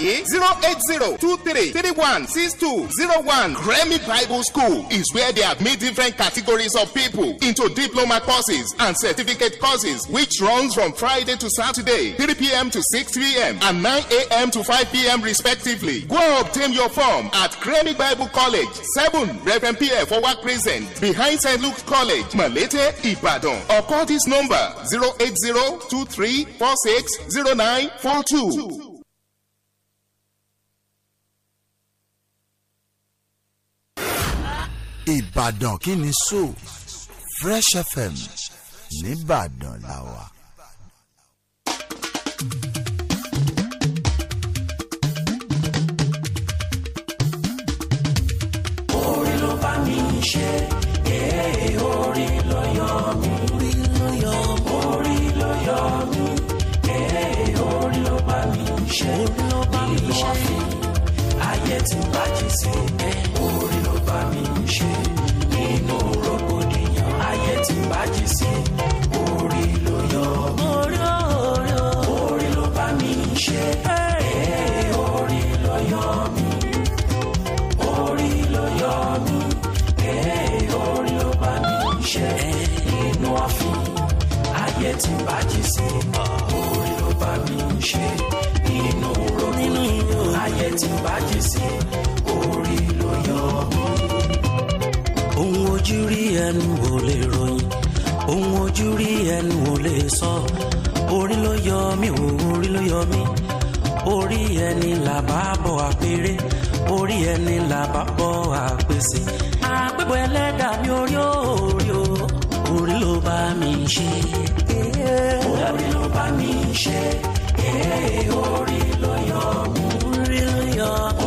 yìí zero eight zero two three three one six two zero one Grammy Bible School is where they admit different categories of people into diploma courses and certificate courses which runs from Friday to Saturday three p.m. to six p.m. and nine a.m. to five p.m. respectively. Go obtain your form at Grammy Bible College Seven Reverend P.F. work Crescent behind St. Luke's College Malete Ibadan or call this number zero zero zero eight two three four six 080 2346 two. Ìbàdàn kí ni so Fresh FM nìbàdàn la wà. orí ló bá mi ṣe èé eh, orí ló yọ mí orí ló yọ mí orí ló yọ mí èé eh, orí ayé ti bàjẹ́ sí orí bá mi ṣe nínú rògbòdìyàn ayé tí bàjẹ́ sí orí ló yọ orí orí ló bá mi ṣe eh, orí ló yọ mí orí ló yọ mí eh, orí ló bá mi ṣe nínú ààfin ayé tí bàjẹ́ sí orí ló bá mi ṣe nínú rògbòdìyàn ojú rí ẹnu wò lè ròyìn ohun ojú rí ẹnu wò lè sọ orí ló yọ mí wò orí ló yọ mí orí ẹni là bá bọ̀ àpèrè orí ẹni là bá bọ̀ àpèsè àpébọ̀ ẹlẹ́dàá mi orí orí o orí ló bá mi ṣe orí ló bá mi ṣe orí ló yọ mí orí ló yọ mí.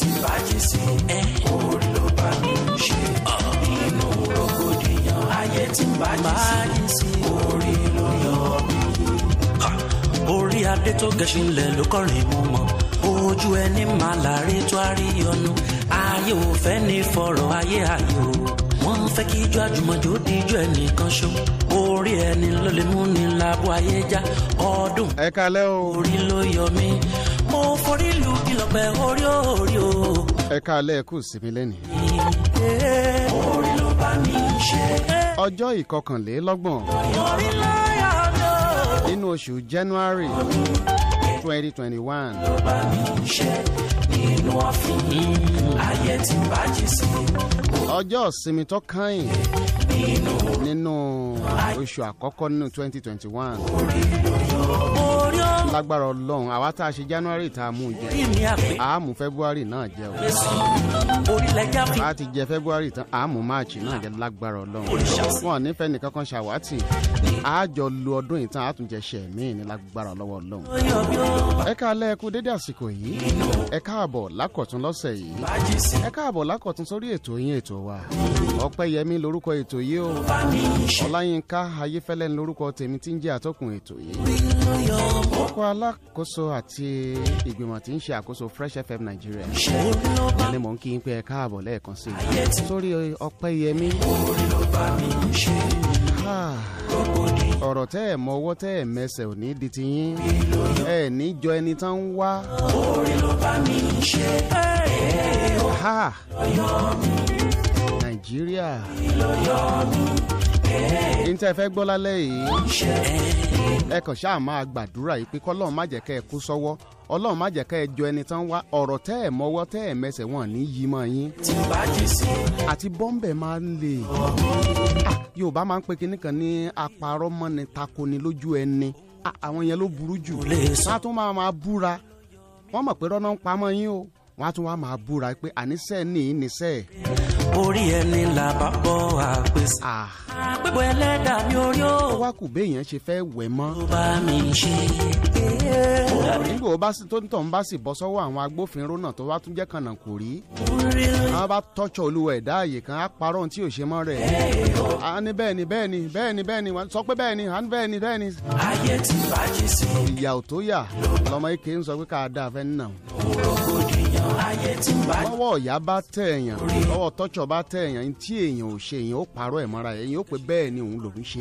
ti bàjẹ́ sí ẹ kó lọ bá mi ṣe inú rògbòdìyàn ayé ti bàjẹ́ sí orí ló yọ mí. orí adé tó gẹṣin lẹ ló kọrin mú mọ ojú ẹni máa láre tó a rí ọnu ayé ò fẹ́ ní fọ̀rọ̀ ayé ayé o wọ́n fẹ́ kí ijó àjùmọ̀jó díjọ́ ẹnìkan ṣó orí ẹni ló lè mú ni lábọ́ ayé já ọdún. ẹ kalẹ́ o. orí ló yọ mí mo forí lọ́pẹ́ orí orí o. ẹ ká alẹ́ kù síbi lẹ́nu. orí ló bá mi ṣe. ọjọ́ ìkọkànlélọ́gbọ̀n nínú oṣù January twenty twenty one. ló bá mi ṣe nínú ọ̀fìn ayé tí bàjẹ́ sí. ọjọ́ ìsinmi tó kàn nínú oṣù àkọ́kọ́ nínú twenty twenty one lágbára ọlọ́run àwa tá a ṣe january tá a mú jẹ a february náà jẹ o a ti jẹ february tán a march náà jẹ lágbára ọlọ́run wọn nífẹ̀ẹ́ nìkan kan ṣàwátì a jọ lu ọdún yìí tán a tún jẹ ṣẹ̀mí ní lágbára lọ́wọ́ ọlọ́run. ẹ káalẹ́ ẹ kú dédé àsìkò yìí ẹ káàbọ̀ lákọ̀tún lọ́sẹ̀ yìí ẹ káàbọ̀ lákọ̀tún sórí ètò yín ètò wa ọpẹ́yẹmí lórúkọ ètò yìí o ọláyínká ayéfẹ́lẹ́ ní lórúkọ tèmi tí ń jẹ́ àtọ́kùn ètò yìí kókó alákòóso àti ìgbìmọ̀ tí ń ṣe àkóso fresh fm Nigeria. ẹni mò ń kí n pé ẹ káàbọ̀ lẹ́ẹ̀kan sí i sórí ọpẹ́ yẹmí ah, ọ̀rọ̀ tẹ́ ẹ̀ mọ́wọ́ tẹ́ ẹ̀ mẹsẹ̀ ò ní di ti yín ẹ ní ẹni tá ń wá. nàìjíríà n tẹ́ fẹ́ gbọ́ lálẹ́ yìí ẹ kàn ṣáà máa gbàdúrà yìí pé kọ́lọ́run má jẹ́ kẹ́ ẹ kú sọ́wọ́ ọlọ́run má jẹ́ ká ẹ jọ ẹni tán wá ọ̀rọ̀ tẹ́ ẹ̀ mọ́wọ́ tẹ́ ẹ̀ mẹsẹ̀ wọn ní yí mọ́ yín. àti bọ́m̀bẹ̀ máa ń lè. yorùbá máa ń pe kinní kan ní apàrọ̀ mọ́ni takoni lójú ẹni àwọn yẹn ló burú jù. wọ́n á tún máa máa búra wọ́n mọ̀ pé rọ́nà ń pamọ́ yín o wọ́n á tún wá máa búra pé àníṣe ní níṣẹ́. orí ẹni là bá bọ́ àpèsè. àpèbọ̀ ẹlẹ́dàá mi orí o. ó wá kù béèyàn ṣe fẹ́ wẹ̀ mọ́. tó bá mi ṣe. nígbà tó ń tọ̀ bá sì bọ́ sọ́wọ́ àwọn agbófinró náà tó wá tún jẹ́ kànáà kò rí. àwọn bá tọ́jọ́ olúwa ẹ̀dá àyè kan á parọ́ ohun tí ò ṣe mọ́ rẹ̀. a ní bẹ́ẹ̀ ni bẹ́ẹ̀ ni bẹ́ẹ̀ ni bẹ́ẹ̀ ni sọ pé bẹ́ẹ̀ ni a ní bẹ́ẹ̀ ni bẹ́ẹ̀ ni. ayé ti bàjẹ́ sí. ìyà ò tó yà lọmọ ike ń sọ pé ká dáa fẹ́ nà. ògbódì lọ́wọ́ ọ̀yá bá tẹ̀ èèyàn lọ́wọ́ tọ́jọ́ bá tẹ̀ èèyàn tí èèyàn ò ṣe èèyàn ó parọ́ ẹ̀ mọ́ra èèyàn ó pé bẹ́ẹ̀ ni òun lòún ṣe.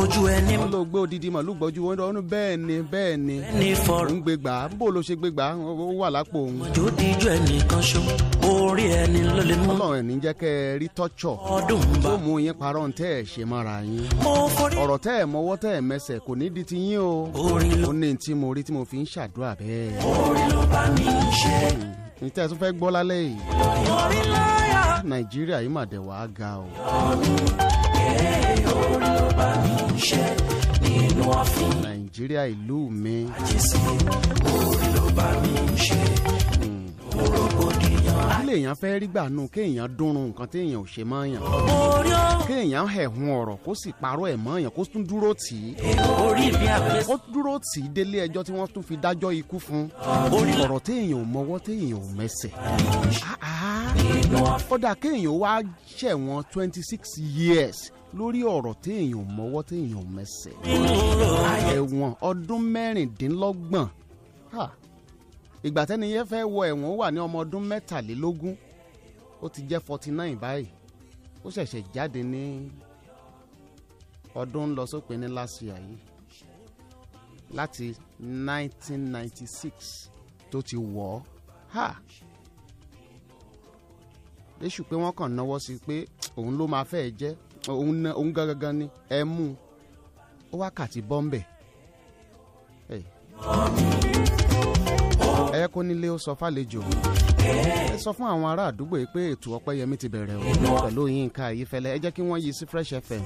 ojú ẹni. wọ́n lọ gbé odidi màlúù gbọ́jú wọn lọ́nu bẹ́ẹ̀ ni bẹ́ẹ̀ ni. ẹni fọ̀rọ̀. ń gbégbá bó ló ṣe gbégbá ó wà lápò òun. ọjọ́ díjú ẹnì kan ṣó orí ẹni ló lè mú. ọlọ́run ẹni jẹ́ kẹ́ ẹ rí tọ́jọ́ tó mú yín parọ́ ń tẹ́ ẹ ṣe mọ́ra yín ọ̀rọ̀ tẹ́ ẹ mọ́wọ́ tẹ́ ẹ mẹsẹ̀ kò ní di ti yín o ó ní tí mo rí tí mo fi ń ṣàdúrà bẹ́ẹ̀. orí ló bá mi ṣe. Hmm, ní tẹ́ ẹ tún fẹ́ gbọ́ lálẹ́ yìí nàìjíríà yìí mà dẹ̀ wá ga o. nàìjíríà ìlú mi. àjẹsí orí ló bá mi ṣe lèèyàn fẹ́ rí gbà nù kéèyàn dúnrún nǹkan téèyàn ò ṣe mọ́ yàn kéèyàn hẹ̀hún ọ̀rọ̀ kó sì parọ́ ẹ̀ mọ́ yàn kó tún dúró tì í kó dúró tì í délé ẹjọ́ tí wọ́n tún fi dájọ́ ikú fún ọ̀rọ̀ téèyàn ò mọwọ́ téèyàn ò mẹsẹ̀ kódà kéèyàn wá ṣẹ̀wọ̀n twenty six years lórí ọ̀rọ̀ téèyàn mọ́wọ́ téèyàn mẹsẹ̀ ẹ̀wọ̀n ọdún mẹ́rìndínlọ́gbọ̀n ìgbà tẹ́ni yẹn fẹ́ wọ ẹ̀wọ̀n ó wà ní ọmọ ọdún mẹ́tàlélógún ó ti jẹ́ forty nine báyìí ó ṣẹ̀ṣẹ̀ jáde ní ọdún ń lọ sópin ní last year yìí láti nineteen ninety six tó ti wọ̀ ọ́ ha léṣù pé wọ́n kàn náwó sí pé òun ló máa fẹ́ jẹ́ òun gangan ni ẹ mú un ó wákàtí bọ́m̀bẹ̀. Hey ẹ kó nílé ó sọ fàlejò ẹ sọ fún àwọn ará àdúgbò yìí pé ètò ọpẹ́yẹmí ti bẹ̀rẹ̀ o pẹ̀lú Yínká Ayífẹ́lẹ́ ẹ jẹ́ kí wọ́n yí sí Fresh FM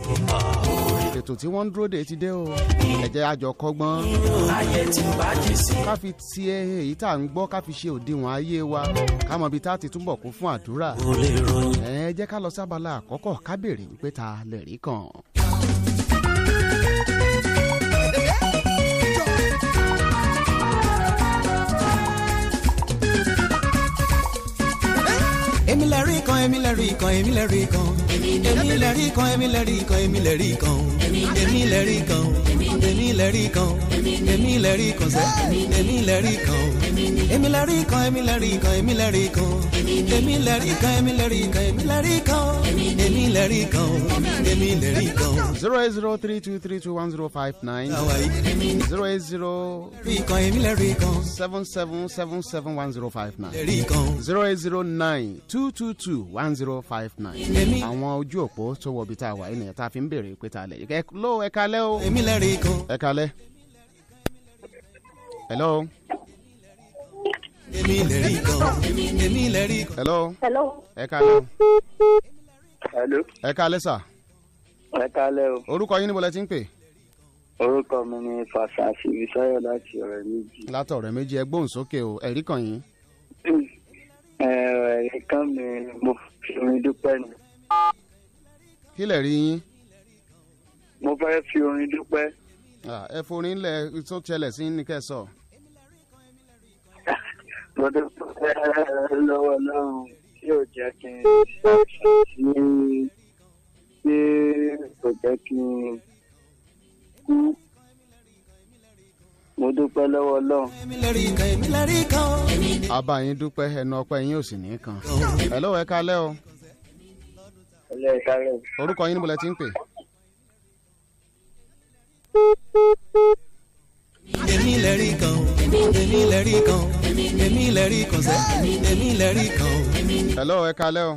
ètò tí wọ́n ń dúró de ti dé o ẹ jẹ́ àjọ kọ́gbọ́n ká fi ti èyí tá à ń gbọ́ ká ṣe òdiwọ̀n ayé wa ká mọ̀ tá a ti túbọ̀ kún fún àdúrà ẹ jẹ́ ká lọ sábàlá àkọ́kọ́ ká wípé ta lè rí èmi lè rí kan èmi lè rí kan èmi lè rí kan èmi lè rí kan èmi lè rí kan èmi lè rí kan èmi lè rí kan èmi lè rí kan èmi lè rí kan sẹ́ èmi lè rí kan o èmi lè rí kan èmi lè rí kan èmi lè rí kan o èmi lè rí kan èmi lè rí kan èmi lè rí kan o èmi lè rí kan o èmi lè rí kan o. zero eight zero three two three two one zero five nine zero eight zero seven seven seven seven one zero five nine zero eight zero nine two two two one zero five nine àwọn ojú òpó tó wọ ibi tá a wà yìí nìyẹn tá a fi ń béèrè pé tá a lẹ̀ yìí ẹ lọ ẹ kalẹ́ o ẹ kalẹ́ hello. hello. hello. ẹ kálẹ́ o. hello. ẹ kálẹ́ sà. ẹ kálẹ́ o. orúkọ yín níbo lẹ ti ń pè. orúkọ mi ni fàṣà ṣìbísáyọ̀ láti ọ̀rẹ́ méjì. láti ọ̀rẹ́ méjì ẹ gbóhùn sókè o ẹ̀rí kan yín. ẹ̀rí kan mi mo fi orin dúpẹ́ ni. kí lè rí yín. mo fẹ́ fi orin dúpẹ́. ẹ forin lẹ tó ṣẹlẹ̀ sí ní kẹsàn mo dúpẹ́ lọ́wọ́ ọlọ́run tí ò jẹ́ kí n ní tí kò jẹ́ kí n kú mo dúpẹ́ lọ́wọ́ ọlọ́run. àbá yín dúpẹ́ ẹnu ọpẹ́ yín ò sì ní kan. ẹ lọ́wọ́ ẹ kalẹ́ o. ẹ kalẹ́ o. orúkọ yín níbo lẹ ti ń pè èmi lè rí kan o èmi lè rí kan o èmi lè rí kan sẹ́ èmi lè kan o. hello ẹ kalẹ́ o.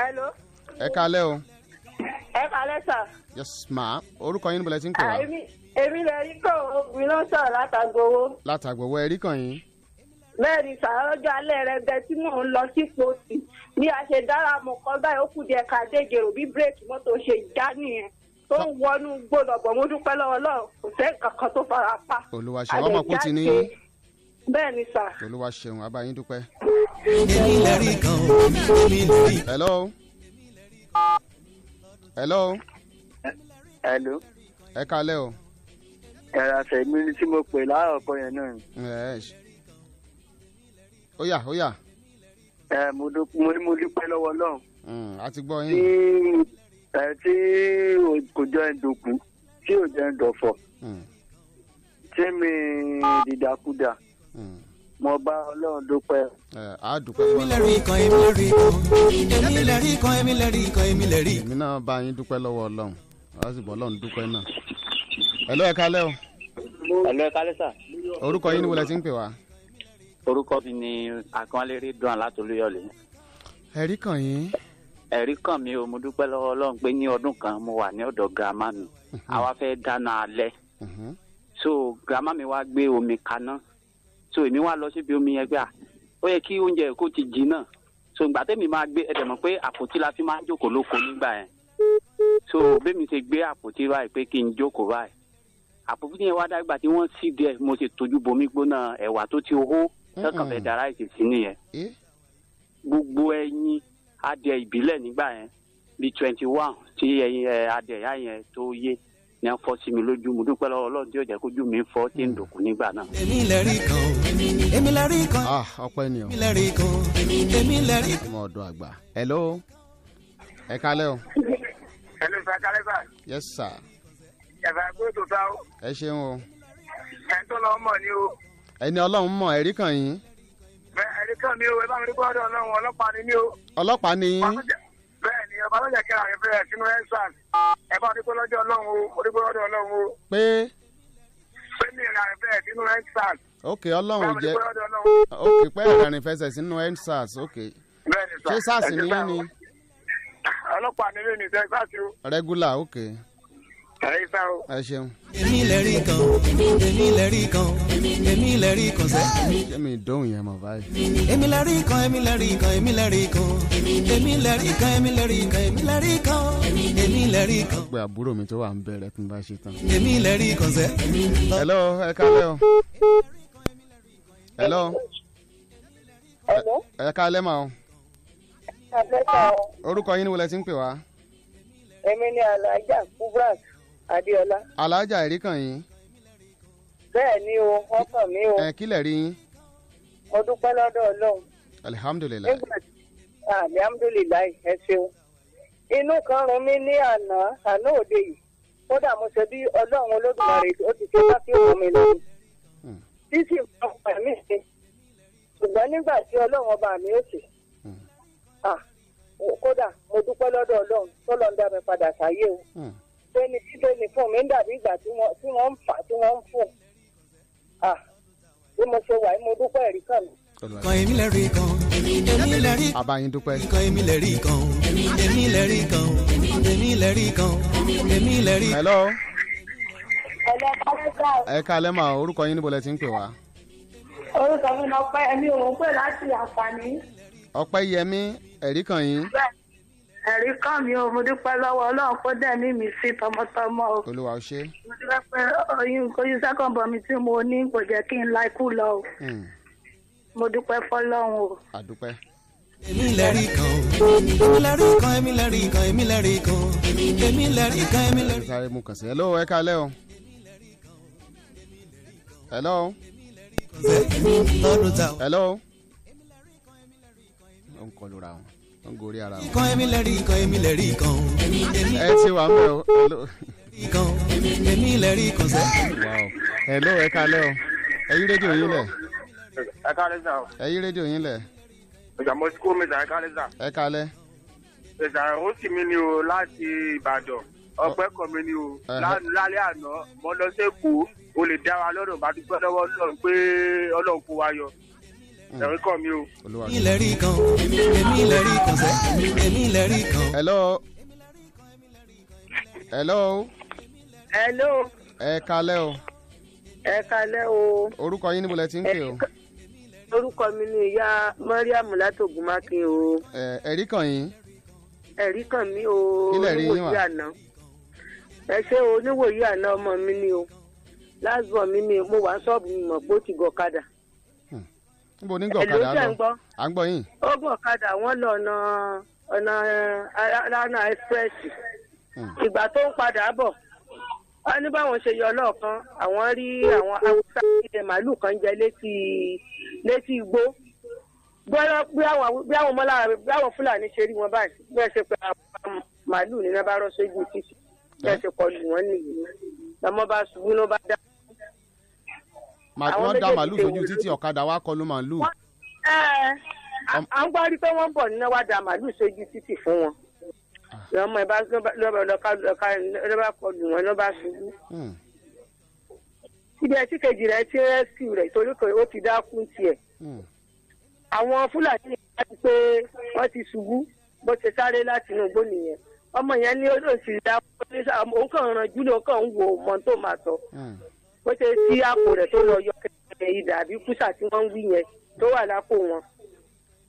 hello. ẹ kalẹ́ o. ẹ kalẹ́ sà. yes ma orúkọ yín bọ̀lẹ́ tí ń pè wá. èmi lè rí kan o mi ló ń sọ̀rọ̀ látàgbowó. látàgbowó ẹ rí kan yín. bẹ́ẹ̀ ni sà ọjọ́ alẹ́ rẹ bẹ tí mò ń lọ sí pọ́ọ̀sì bí a ṣe dára mọ̀ kọ́ báyìí ó kù díẹ̀ ká dé ìgèrò bí bírèkì mọ́tò ṣe já nìyẹn tó ń wọnú gbólọ̀bọ̀ mo dúpẹ́ lọ́wọ́ lọ́wọ́ kò sẹ́ kankan tó fara pa. olúwa ọmọ kó ti ní. bẹ́ẹ̀ ni sà. olúwa ṣeun abayín dúpẹ́. hello. hello. hello. ẹ kalẹ́ o. ẹ̀rọ àfẹ̀mí tí mo pè láàárọ̀ kan yẹn náà. ó yá ó yá. ẹ mo dúpẹ́ lọ́wọ́ lọ́wọ́. Mm, a ti gbọ́ yín ẹ tí kò jọ ẹ dòkú tí ò jẹ ẹ tí mi dìdàkudà hmm. mo bá ọlọ́run dúpẹ́. èmi lè rí kan èmi lè rí kan èmi lè rí kan èmi lè rí kan èmi lè rí. èmi náà bá yín dúpẹ́ lọ́wọ́ ọlọ́run a sì bọ́ ọlọ́run dúpẹ́ náà. ẹ̀lọ́ ẹ̀ka lẹ́ o. ẹ̀lọ́ ẹ̀ka lẹ́ sà. orúkọ yín ni wọlé ti ń pè wá. orúkọ mi ni akínwálé rí dùn látolúyọ̀lé. ẹ̀rí kan yín ẹ̀rí kàn mí o mo dúpẹ́ lọ́wọ́ ọlọ́run pé ní ọdún kan mo wà ní ọ̀dọ̀ girama mi mhm. àwa fẹ́ dáná alẹ́ mhm. so girama mi wá gbé omi kaná so èmi wá lọ síbi omi yẹn gbà ó yẹ kí oúnjẹ kó ti jinná so ìgbà tẹ́mi máa gbé ẹ̀dẹ̀ mọ̀ pé àpótí la fi máa ń jókòó lóko nígbà yẹn so bẹ́mi ṣe gbé àpótí báyìí pé kí n jókòó báyìí àpótí yẹn wá dágbà tí wọ́n sì díẹ̀ mo ṣe tójú bomi gbóná ẹ̀wà tó ti hó tẹ́kàn fẹ́ dára ìṣèṣin nìyẹn eh? gbogbo ẹyin adìẹ ìbílẹ̀ nígbà yẹn bí twenty one tí ẹyin adìẹ yá yẹn tó yé ní a fọ́ sí mi lójú mo dúpẹ́ lọ́wọ́ ọlọ́run tí yóò jẹ́ kójú mi fọ́ tí ń hmm. dòkú nígbà náà. èmi lẹ́rìí kan èmi lẹ́rìí kan ah ni o èmi lẹ́rìí kan èmi lẹ́rìí kan. ọmọ ọ̀dọ̀ àgbà hello ẹ kálẹ́ o. hello sir kálẹ́ sir. yes sir. ẹ̀fà kó tó o. ẹ ṣeun o. ẹ̀ tó lọ́ mọ̀ ni o. ẹni ọlọ́run mọ̀ ẹ̀rí kan yín. nìkan ni mí o. ọlọ́pàá ni bẹ́ẹ̀ ni ọba lọ́jà kẹra rẹ̀ fẹ́rẹ̀ sínú ẹ̀sán ẹ bá rí gbọ́dọ̀ ọlọ́run o rí gbọ́dọ̀ ọlọ́run o. pé. pé mi rà rẹ̀ fẹ́rẹ̀ sínú ẹ̀sán. ok ọlọ́run ok pé ìrìn fẹsẹ̀ sínú ẹ̀sán ok. bẹ́ẹ̀ ni ni ni. ẹ sá ẹ ṣeun. èmi lè kan èmi lè kan èmi lè kan sẹ́. jẹ́mi ìdóhùn yẹn mọ̀ báyìí. èmi lè kan èmi lè kan èmi lè kan èmi lè kan èmi lè kan èmi lè kan èmi lè kan. gbogbo àbúrò mi tó wà ń bẹ̀rẹ̀ tí n bá ṣe tán. èmi lè kan sẹ́. hello ẹ kálẹ́ o. hello. ẹ kálẹ́ mà o. orúkọ yín ni wọlé ti ń pè wá. èmi ni alájà kubrat Adéọlá. alájà ẹ̀rí kàn yín. bẹ́ẹ̀ ni o ọkàn mi o. ẹ kílẹ̀ rí yín. mo dúpẹ́ lọ́dọ̀ Ọlọ́run. alihamudulilayi. nígbà tí alihamudulilayi ẹ ṣeun. inú kan rún mi ní àná àná òde yìí kódà mo ṣe bí Ọlọ́run Olódùmarè ó ti ṣe bá kí òun mi lọ. títí mo pa mí ṣe ṣùgbọ́n nígbà tí Ọlọ́run ọba mi ó ṣe hmm. kódà mo dúpẹ́ lọ́dọ̀ Ọlọ́run tó lọ́ọ́ ń dá mi padà sáyé o. Hmm tẹni tí tẹni fún mi ń dàbí ìgbà tí wọ́n ń fà tí wọ́n ń fún bí mo ṣe wà ní mo dúpẹ́ ẹ̀rí kan mi. kan èmi lè rí kan èmi lè rí. àbáyín dúpẹ́. kan èmi lè rí kan èmi lè rí kan èmi lè rí kan èmi lè rí. hello. ẹ káalẹ́ mà orúkọ yín níbo lẹ ti ń pè wá. orúkọ mi ni ọpẹ́ yẹmi òun pè láti àǹfààní. ọpẹ́ yẹmi ẹ̀rí kan yín. bẹ́ẹ̀ ẹ̀rí kàn mí o mo dúpẹ́ lọ́wọ́ ọlọ́run kó dẹ̀ mi sí tọmọtọmọ o. olúwa ó ṣe. mo dúpẹ́ pé oyún oyún second born mi tí mo ní kò jẹ́ kí n la lọ o. Hmm. mo dúpẹ́ fọlọ́run o. àdúpẹ́. èmi lẹ́rìí kan èmi lẹ́rìí kan èmi lẹ́rìí kan èmi lẹ́rìí kan èmi lẹ́rìí kan èmi lẹ́rìí kan. sáré kàn sí hello ẹ kálẹ́ o. hello. hello. ó ń kọlu ra wọn ń gorí ara wọn. ikán èmi lè rí ikán èmi lè rí ikán. ẹ ti wà mẹ́ o. ikán èmi lè rí ikán sẹ́. ẹ ló ẹ kalẹ́ o ẹ yí rédíò yín lẹ̀. ẹ kalẹ́ sà. ẹ yí rédíò yín lẹ̀. ìjà mo kó mi sà ẹ kalẹ́ sà. ẹ kalẹ́. ìjà ó sì mí ni o láti Ìbàdàn ọpẹ́ kan mi ni o lálẹ́ àná mo lọ sí Èkó o lè dá wa lọ́rùn bá dúpẹ́ lọ́wọ́ Ọlọ́run pé Ọlọ́run kó wa yọ ẹ̀rín kọ́ mi o. hello. hello. hello. ẹ kalẹ́ o. ẹ kalẹ́ o. orúkọ yín níbo lẹ ti ń pè o. orúkọ mi ni ìyá mariam látògùnmákin o. ẹ̀rí kan yín. ẹ̀rí kan mi o. kílẹ̀ rí yín wá. ẹ ṣe oníwòye àná ọmọ mi ni o lásìkò mi mo wà ń mi mọ̀ pé ó ti gọ̀kadà níbo ní gbọ́ ọ̀kadà lọ à ń gbọ́ yín. ó gbọ́ ọ̀kadà wọ́n lọ ọ̀nà ọ̀nà rana express hmm. ìgbà tó ń padà bọ̀ wọ́n ní báwọn ṣe yọ lọ́ọ̀kan àwọn rí àwọn haúsá ilẹ̀ màálù kan jẹ létí létí igbó bọ́lá bí àwọn ọmọlára bí àwọn fúlàní ṣe rí wọn báyìí bí wọ́n ṣe pé àwọn màálù ní náà bá rọ́ sójú títì bí wọ́n ṣe kọlù wọn nìyí lọ́mọ bá ṣubú ló bá dáa wọ́n da màálù sójú títí ọ̀kadà wa kọlu màálù. à ń gbọ́ rí pé wọ́n bọ̀ nínú wa da màálù sójú títì fún wọn lọ́mọ ah. ẹ bá lọ́ba kọlu wọn lọ́ba ṣubú. ibi hmm. ẹtí kejì rẹ ti rẹ́síù rẹ̀ torí pé ó ti dákú tiẹ̀. Hmm. àwọn fúlàní yẹn wá ti pé wọ́n ti ṣubú bó ṣe sáré láti inú igbó nìyẹn ọmọ yẹn ní ó sì dákú òun kàn ranjú ní òun kàn ń wo mọ́tò máa sọ. Hmm bó ṣe sí àpò rẹ̀ tó lọ yọ kẹ̀kẹ́ ìdàbí kùsà tí wọ́n ń wí yẹn tó wà lápò wọn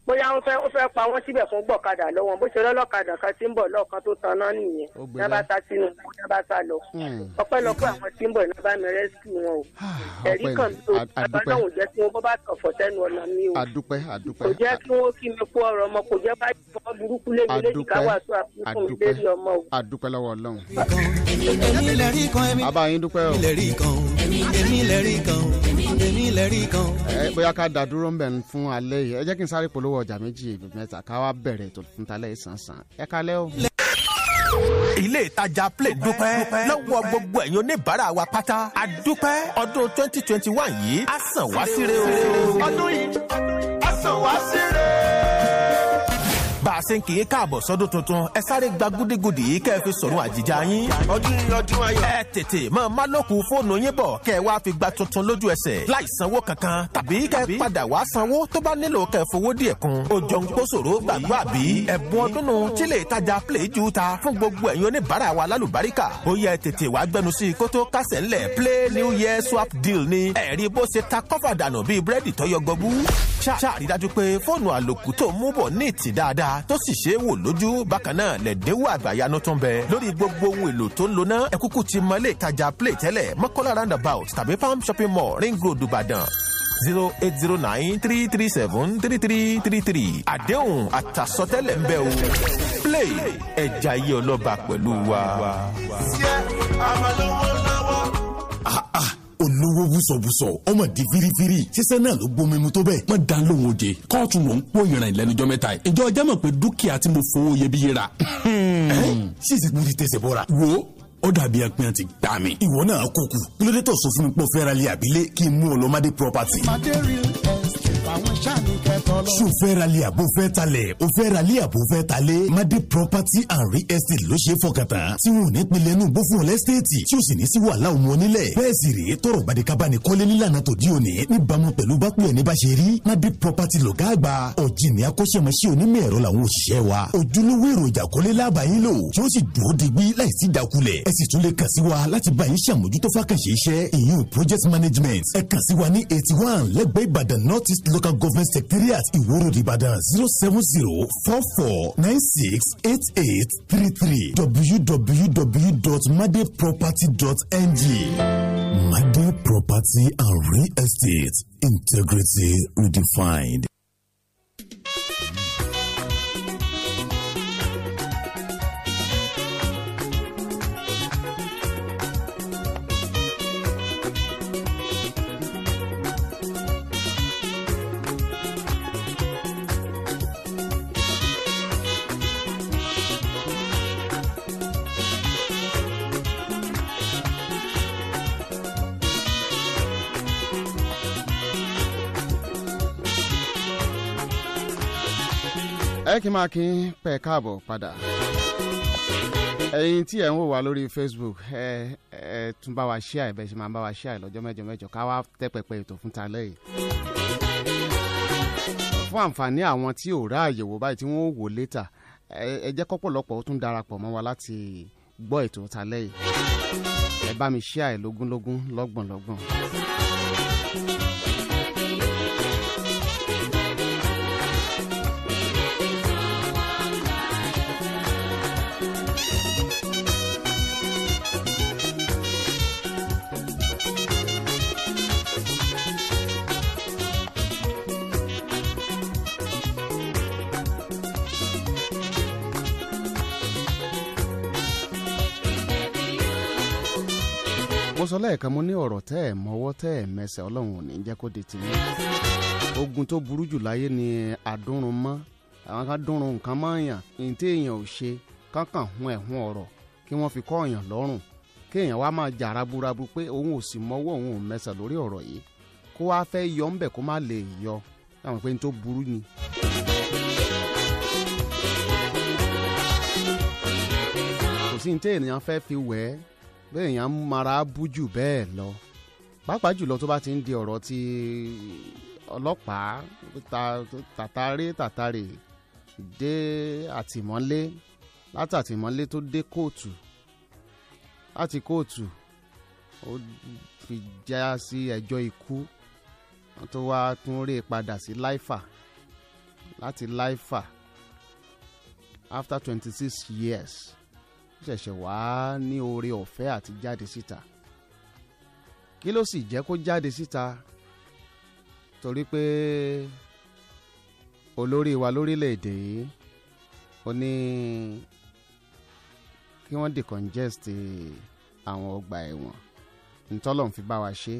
bóyá ó fẹ́ ó fẹ́ pa wọ́n síbẹ̀ fún gbọ̀kadà lọ́wọ́ bó ṣe lọ́lọ́kadà kan tí ń bọ̀ lọ́ọ̀kan tó tanná nìyẹn náà bá ta sínú náà bá ta lọ hmm. ọpẹ́lọpẹ́ àwọn tí ń bọ̀ náà bá mi rẹ́síkì wọn o ah, ẹ̀rí kan tó agbára òun jẹ́ kí wọ́n bọ́ bá tọ̀fọ̀ sẹ́nu ọ̀nà mi o àdúpẹ́ àdúpẹ́ kò jẹ́ kí wọ́n kí mi kú ọ̀rọ̀ ọmọ kò jẹ́ báyìí fọ́ burúkú lé mi léjì káwà tó àfikún lérí ọmọ o. àdúpẹ́ lọ́wọ́ Ọlọ́run. èmi bóyá ká dàdúró ń bẹ̀ fún alẹ́ yìí ẹ jẹ́ kí n sáré polówó polówó ọjà méjì ìbí mẹ́ta ká wá bẹ̀rẹ̀ ètò fúntalẹ̀ ìsànsàn ẹ kalẹ́ o. ilé ìtajà play dúpẹ́ lọ́wọ́ gbogbo ẹ̀yin oníbàárà wa pátá a dúpẹ́ ọdún twenty twenty one yìí a sàn wá síre o ọdún yìí a sàn wá síre bá a ṣe ń kì í káàbọ̀ sọ́dún tuntun ẹ sáré gba gúdígudì yìí kẹ́ ẹ fi sọ̀rọ̀ àjíjà yín. ọdún ọdún ayọ̀. ẹ tètè mọ málòkù fóònù yín bọ̀ kẹ́ ẹ wá fi gba tuntun lójú ẹsẹ̀ láì sanwó kankan tàbí kẹ́ ẹ padà wá sanwó tó bá nílò kẹ́ ẹ fowó díẹ̀ kún. ó jọ ń kó sòro gbàgbọ́ àbí ẹ̀bùn ọdún nu tí lè tajà play ju ta fún gbogbo ẹ̀yin oníbàárà wa lálùbáríkà. ó yẹ tètè wá gbẹnu sí i kó tó kásẹ̀ ńlẹ̀ play new year swap deal ni ẹ̀rí bó ṣe ta kọ́fà dànù bíi búrẹ́dì tọ́yọ gọbú. ṣáà rí dájú pé fóònù àlòkù tó mú bọ̀ ní ìtì dáadáa tó sì ṣeé wò lójú bákan náà lẹ́dínwó àgbàyanu tó ń bẹ lórí gbogbo ohun èlò tó ń lona ẹ̀kúkú ti mọ ilé ìtajà play tẹ́lẹ̀ mọ́kànlá roundabout tàbí palm shopping mall ring road ìbàdàn zero eight zero nine three three seven three three three three àdéhùn àtàsọtẹ́lẹ̀ ń bẹ o play ẹja iye ọlọ́ba pẹ̀lú wa. ṣé àmàlówó lọ́wọ́. Ah, ah lówó búsọ̀búsọ̀ ọmọ di firifiri ṣiṣẹ́ náà ló gbómi mu tó bẹ́ẹ̀. wọ́n dán lóhùn oje kóòtù ló ń pò ìrìn lẹ́nujọ́ mẹ́ta yìí. ìjọ ọjà mọ̀ pé dúkìá tí mo fowó iyebíye rà. ṣíṣe mo ti tẹsẹ̀ bọ́ra. wo ó dàbí ẹpin ti gbà mí. ìwọ náà kókù kí ló tó sọ fún mi pé o ilé àbílẹ̀ kí n mú ọlọ́mọdé property. màdé real estate àwọn sáà ní tọ́lọ́. ṣó fẹ́ ralẹ̀ àbò fẹ́ talẹ̀ o fẹ́ ralẹ̀ àbò fẹ́ talẹ̀ madi property and real estate ló ṣe fọkàntà tí wọn ò ní pinlẹ̀ nù bó fún ọ lẹ́stéètì tí o sì ní sí wàhálà òun onílẹ̀ bẹ́ẹ̀ sì rèé tọrọ gbadekaba ni kọ́lé nílànà tó di òní níbàámu pẹ̀lú bákú ẹ̀ ní bá ṣe rí madi property lọ́gá àgbà ọ̀jìnì akọ́ṣẹ́mọṣẹ́ onímọ̀ ẹ̀rọ làwọn òṣìṣẹ́ wa ojúlówó èròjà kọ́lé lábàáyín lò tí ó sì dùn ó digbí láì sí ẹ sì tún lè kàn project management ẹ kàn eighty one lẹ́gbẹ̀ẹ́ Ìbàdàn North East Local Government Secretariat at Iwo Road zero seven zero four four nine six eight eight three three www.madeproperty.ng. Made Property and Real Estate Integrity Redefined. ẹ kí n máa kí n pẹ káàbọ̀ padà ẹ̀yin tí ẹ ń wò wá lórí Facebook ẹ ẹ tún bá wa share ẹ bẹ ṣe máa bá wa share lọ́jọ́ mẹ́jọ mẹ́jọ ká wá tẹ́ pẹpẹ ètò fún ta lẹ́yìn fún àǹfààní àwọn tí ò ráàyè wò báyìí tí wọ́n ò wò létà ẹ jẹ́ kọ́pọ̀lọpọ̀ ó tún darapọ̀ mọ́ wa láti gbọ́ ètò ta lẹ́yìn ẹ bá mi share ẹ lógúnlógún lọ́gbọ̀nlọ́gbọ̀n. mo sọ lẹ́ẹ̀kan mo ní ọ̀rọ̀ tẹ́ ẹ̀ mọ́wọ́ tẹ́ ẹ̀ mẹsẹ̀ ọlọ́run ò ní jẹ́ kó di tiyín ogun tó burú jù láyé ni àdúrun mọ́ àwọn kan dúnrun nǹkan mọ́ èèyàn ní tí èèyàn ò ṣe kánkàn hun ẹ̀hún ọ̀rọ̀ kí wọ́n fi kọ́ èèyàn lọ́rùn kí èèyàn wá máa jà raburabu pé òun ò sì mọ́wọ́ òun ò mẹsẹ̀ lórí ọ̀rọ̀ yìí kó wá fẹ́ yọ ńbẹ̀ kó má lè yọ àwọn pé ní tó burú ni. kò sí ní tí èèyàn fẹ́ fi wẹ̀ ẹ́ bẹ́ẹ̀ yẹn á mara bú jù bẹ́ẹ̀ lọ pàápàá jùlọ tó bá ti ń di ọ̀rọ̀ ti ọlọ́pàá tàtàrí tàtàrí dé àtìmọ́lé látàtìmọ́lé tó dé kóòtù láti kóòtù ó fi já sí ẹjọ́ ikú wọ́n tó wá tún rí padà sí láìfà láti láìfà after twenty six years ṣẹ̀ṣẹ̀ wá ní oore ọ̀fẹ́ àti jáde síta kí ló sì jẹ́ kó jáde síta torí pé olórí wa lórílẹ̀‐èdè yìí ó ní kí wọ́n decongest àwọn ọgbà ẹ̀wọ̀n ntọ́lọ́n fi bá wa ṣe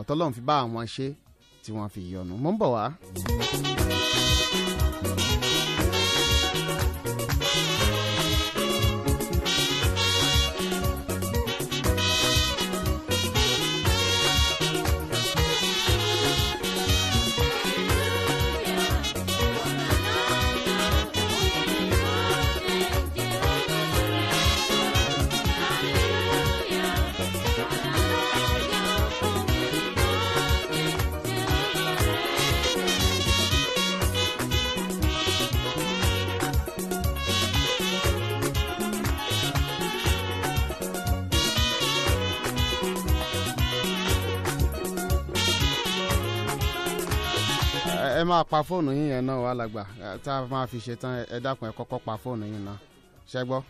ọ̀tọ́lọ́n fi bá àwọn ṣe tí wọ́n fi yọnu mò ń bọ̀ wá. máa pa fóònù yín yẹn náà alàgbà tá a máa fi ṣetán ẹ dákun ẹ kọ́kọ́ pa fóònù yín náà ṣẹ́gbọ́.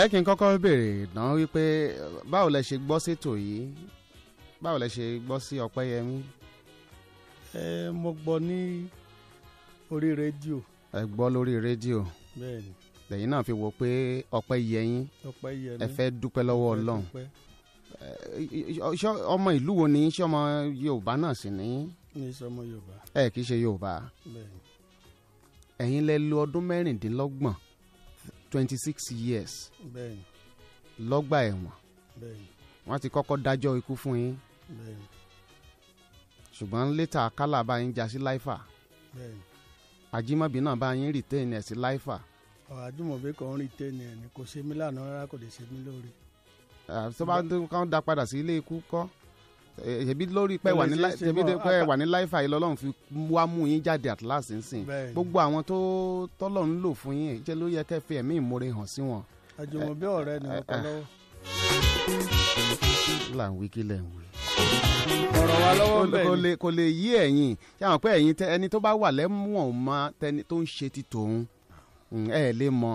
ẹ kí n kọ́kọ́ béèrè náà wípé báwo lẹ ṣe gbọ́ sétò yìí báwo lẹ ṣe gbọ́ sí Ọpẹ́yẹmí ẹ mo gbọ́ ní orí rédíò. ẹ gbọ́ lórí rédíò. bẹ́ẹ̀ni. lẹ́yìn náà fi wò pé ọpẹ́ yẹ yín ẹ fẹ́ dúpẹ́ lọ́wọ́ Ọlọ́run ọmọ ìlú wo ni ṣé ọmọ Yorùbá náà sì ni. ní sọmọ Yorùbá. ẹ kì í ṣe Yorùbá. bẹ́ẹ̀ni. ẹ̀yin lẹ lò ọdún mẹ́rìndínlọ́gbọ̀n twenty six years. bẹ́ẹ̀ni. lọ́gbà ẹ̀wọ̀n. bẹ́ẹ̀ni. wọ́n ti kọ́kọ́ dájọ́ ikú fún yín. bẹ́ẹ̀ni ṣùgbọ́n létà kálà bá yín já láìfà àjímọ̀bí náà bá yín rìtẹ́ẹ̀nì ẹ̀ sí láìfà. àjùmọ̀bí kan rìtẹ́ẹ̀nì ẹ̀ ni kò ṣe mí lánàá rárá kò lè ṣe mí lóore. tó bá kàn dá padà sí ilé ikú kọ́ ṣebí lórí pé wà ní láìfà yìí lọ́lọ́run fi wá mú yín jáde at last nsìn gbogbo àwọn tó tọ́lọ́run lò fún yín jẹ́ ló yẹ kẹ́ fi ẹ̀mí ìmoore hàn sí wọn. àjùmọ̀bí ọ̀rẹ́ ni ọ̀pọ̀lọ́wọ́. Eh, eh, eh, kí ọ̀rọ̀ wa lọ́wọ́ ni kò lè yí ẹ̀yin ṣé àwọn pé ẹ̀yin ẹni tó bá wà lẹ́mọ̀ọ́ ma tẹni tó ń ṣe ti tòun ẹ lè mọ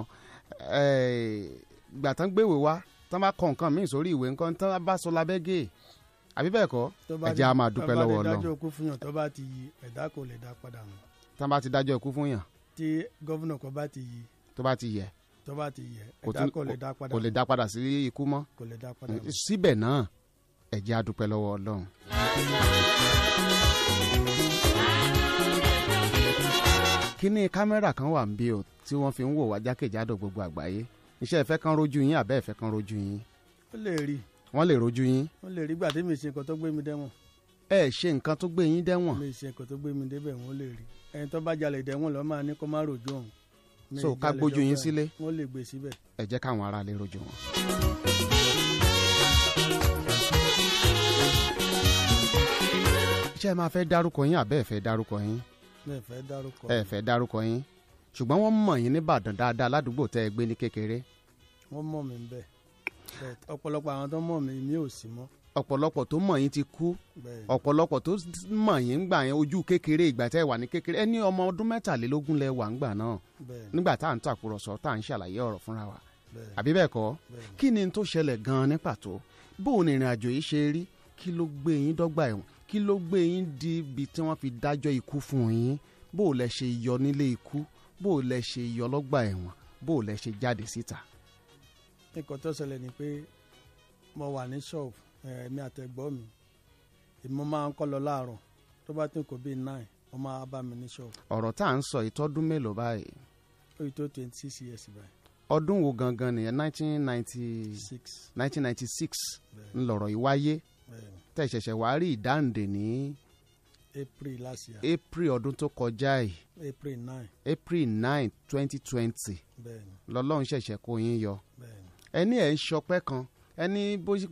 gbàtàn gbéwèé wa tán bá kọ nǹkan míì sórí ìwé nǹkan tán bá sọ lábẹ́gẹ́ àbí bẹ́ẹ̀ kọ́ ẹ̀jẹ̀ a máa dúpẹ́ lọ́wọ́ Ọlọ́run. tó bá ti dájọ́ ikú fún yàn tó bá ti yí ẹ̀dá kò lè dá padà mọ́. tán bá ti dájọ́ ikú fún yàn. tí gọ́vùnà kan bá ti yí. tó bá ti yẹ. tó bá ti yẹ ẹ̀dá kò lè dá padà mọ́. kò lè dá padà sí ikú mọ́. kò lè dá padà mọ́. síbẹ̀ náà ẹ jẹ́ a dúpẹ́ lọ́wọ́ Ọlọ́run. kíní kámẹ́rà kan wà ń bí o tí wọ́n fi ń wò wá jákèjádò gbogbo àgbáyé iṣẹ́ ìfẹ́ kan rojú yín àbẹ́ ìfẹ́ kan rojú yín. ó lè rí. wọ́n lè rojú yín. ó lè rí gbàdé mi ṣe nǹkan tó gbé mi dẹ́wọ̀n. ẹ ṣe nǹkan tó gbé yín dẹ́wọ̀n. mi ṣe nǹkan tó gbé mi débẹ̀ wọ́n lè rí ẹni tó bá jalè dẹ́wọ̀n lọ́ máa ní kó má rojú òun. so ká gbójú yín sílé. wọ́n lè gbé síbẹ̀. ẹ jẹ́ káwọn ará lè rojú wọn. ṣé ẹ máa fẹ́ dárúkọ yín àbẹ́ ẹ fẹ́ dárúkọ yín ẹ fẹ́ dárúkọ yín ṣùgbọ́n wọ́n mọ̀ yín nìbàdàn dáadáa ládùúgbò tẹ́ ẹ gbé ní kékeré. wọ́n mọ̀ mí bẹ́ẹ̀ ọ̀pọ̀lọpọ̀ àwọn tó mọ̀ mí mi ò sí mọ́. ọ̀pọ̀lọpọ̀ tó mọ̀ yín ti kú ọ̀pọ̀lọpọ̀ tó mọ̀ yín gbà yẹn ojú kékeré ìgbà tẹ́ ẹ wà ní kékeré ẹ ní ọmọ ọdún mẹ́tàlélógún lẹ wà ńgbà náà nígbà tá à ń tàkùrọ̀sọ tá à ń ṣàlàyé ọ̀rọ̀ fúnra wa àbí bẹ́ẹ̀ kọ́ kí ni tó ṣẹlẹ̀ gan-an ní pàtó bóun ìrìn àjò yìí ṣe rí kí ló gbé yín dọ́gba ẹ̀wọ̀n kí ló gbé yín di ibi tí wọ́n fi dájọ́ ikú fún yín bó lẹ ṣe yọ nílé ikú bó lẹ ṣe yọ lọ́gbà ẹ̀wọ̀n bó lẹ ṣe jáde síta. nǹkan tó ṣẹlẹ̀ ni pé mo wà ní ṣọ́ọ̀bù ẹ̀mí eh, àtẹ̀gbọ́ mi èmi máa ń kọ́ lọ láàárọ̀ tó bá tún kò bíi nine wọ́n máa bá mi ní ṣọ́ọ̀bù. ọ̀rọ̀ tá à ń sọ ìtọ́dún mélòó báyìí. ó tó twenty six years báyìí. ọdún wo gangan nìyẹn nineteen ninety six nineteen ninety six ńlọrọ̀ ìwáyé tẹ̀ ṣẹ̀ṣẹ̀ wá rí ìdáǹdè ní. April last year. April ọdún tó kọjá yìí. April nine. April nine twenty twenty. bẹ́ẹ̀ni. lọ́lọ́run ṣẹ̀ṣẹ̀ kó yín yọ. bẹ́ẹ̀ni. ẹni ẹ̀ ń ṣọpẹ́ kan ẹni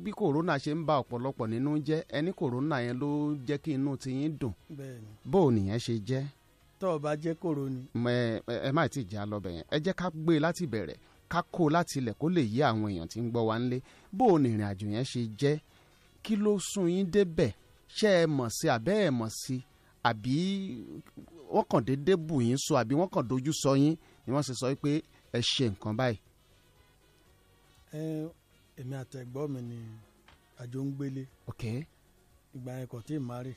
bí kòrónà ṣe ń ba ọ̀pọ̀lọpọ̀ nínú jẹ́ ẹni kòrónà yẹn ló jẹ́ kí inú ti yín dùn. bẹ́ẹ̀ni. bó o nìyẹn ṣe jẹ́. tọ́ ọ bá jẹ́ kòrò ni. ẹ ẹ má ti jà lọ bẹ̀yẹn ẹ jẹ́ ká gbé e láti bẹ̀rẹ̀ ká kó o láti ilẹ̀ kó lè yé àwọn èèyàn tí ń gbọ́ wa ńlé bó o nìrìn àjò yẹn ṣe jẹ́ kí ló sún yín débẹ̀ ṣé ẹ mọ̀ sí àbẹ́ ẹ mọ̀ sí àbí wọ́n kàn déédéé bù yín sọ àbí wọ́n kàn dojú sọ yín ni wọ́n sì sọ pé ẹ ṣe nǹkan báyìí. ẹ èmi àtẹ̀gbọ́ mi ni àjọ ń gbélé. ìgbà yẹn kò tí ì márì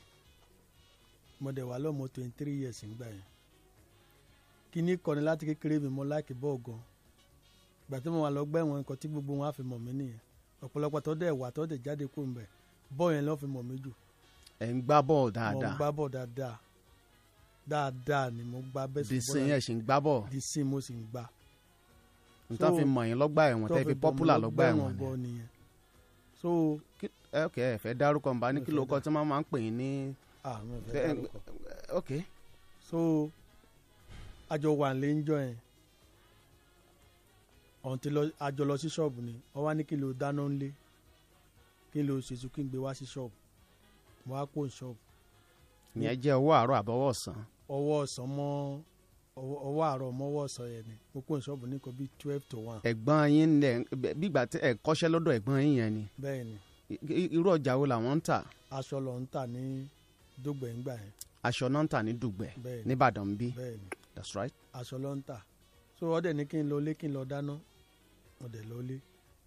mo dẹ̀ wà lọ́mọ twenty three years ìgbà yẹn kíní kọ́ni láti kékeré mi mo láìkí bọ́ọ̀ gan ìgbà tí mo wà lọ gbẹ́wọ̀n nǹkan tí gbogbo wọn á fi mọ̀ mí nìyẹn ọ̀pọ̀lọpọ̀ tó dẹ̀ wà tó dẹ̀ jáde kó mbẹ̀ bọ́ọ̀ yẹn lọ́ọ́ fi mọ̀ mí jù. ẹ ń gbá bọ́ọ̀ dáadáa. mo gbá bọ́ọ̀ dáadáa dáadáa ni mo gbá bẹ́ẹ̀ sí bọ́ọ̀ disin yẹn sì ń gbá bọ́ọ̀. disin mo sì ń gbá. n tó fi mọ̀ yín lọ́gbà ẹ̀wọ̀n tẹ́ fi popular lọ́gbà ẹ̀wọ̀n nìyẹn. so ok ẹ fẹ́ dárúkọ nbà ní kìlọ̀ kọ́ tí wọ́n máa ń pè yín ní. ah mi ò ok. so àjọ wà lè ń jọ yẹn ọ̀hún ti lọ àjọ lọ sí ṣọ́ọ̀bù ni wọ́n wá ní kí n lọ dáná ńlé kí n lọ ṣètò kí n gbé wá sí ṣọ́ọ̀bù mo wá kó ṣọ́ọ̀bù. ìyẹn jẹ́ ọwọ́ àárọ̀ àbọ̀wọ̀ ọ̀sán. ọwọ́ ọ̀sán mọ́ ọwọ́ àárọ̀ mọ́wọ́ ọ̀sán yẹn ni mo kó ṣọ́ọ̀bù ní nǹkan bíi twelve to one. ẹ̀gbọ́n yín lẹ̀ bígbà tí ẹ̀ kọ́ṣẹ́ lọ́dọ̀ ẹ̀gbọ́n yín yẹn ni. bẹ́ẹ̀ ni. irú ọjà wo làwọn ń tà. aṣọ lọ ń tà ní dùgbẹ̀ ńgbà yẹn. aṣọ náà ń tà ní dùgbẹ̀ níbàdàn bí. bẹ́ẹ̀ ni that's right. aṣọ lọ ń tà so ọdẹ ni kí n lọ lé kí n lọ dáná mo dẹ̀ lọ́lé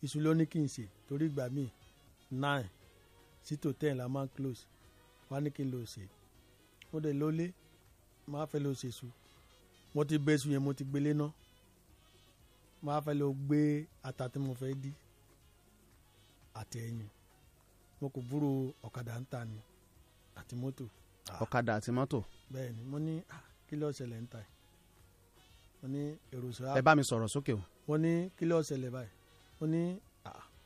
iṣu ló ní kí n ṣe torí ìgbà míì nine sí ten la máa ń close wá ní kí n lọ ṣe mo dẹ̀ lọ́lé máa fẹ́ lọ ṣe iṣu mo ti bẹ iṣu yẹn mo ti gbélé ná máa fẹ́ lọ gbé ata tí mo fẹ́ dí àti ẹyin mo kò búrò ọ̀kadà ń ta ni àti mọ́tò. Ah. ọ̀kadà àti mọ́tò. bẹ́ẹ̀ni mo ní ah, kí ló ṣẹlẹ̀ ń ta yìí mo ní èrò ẹ bá mi sọ̀rọ̀ sókè o wọ́n ní kí ló ṣẹlẹ̀ báyìí wọ́n ní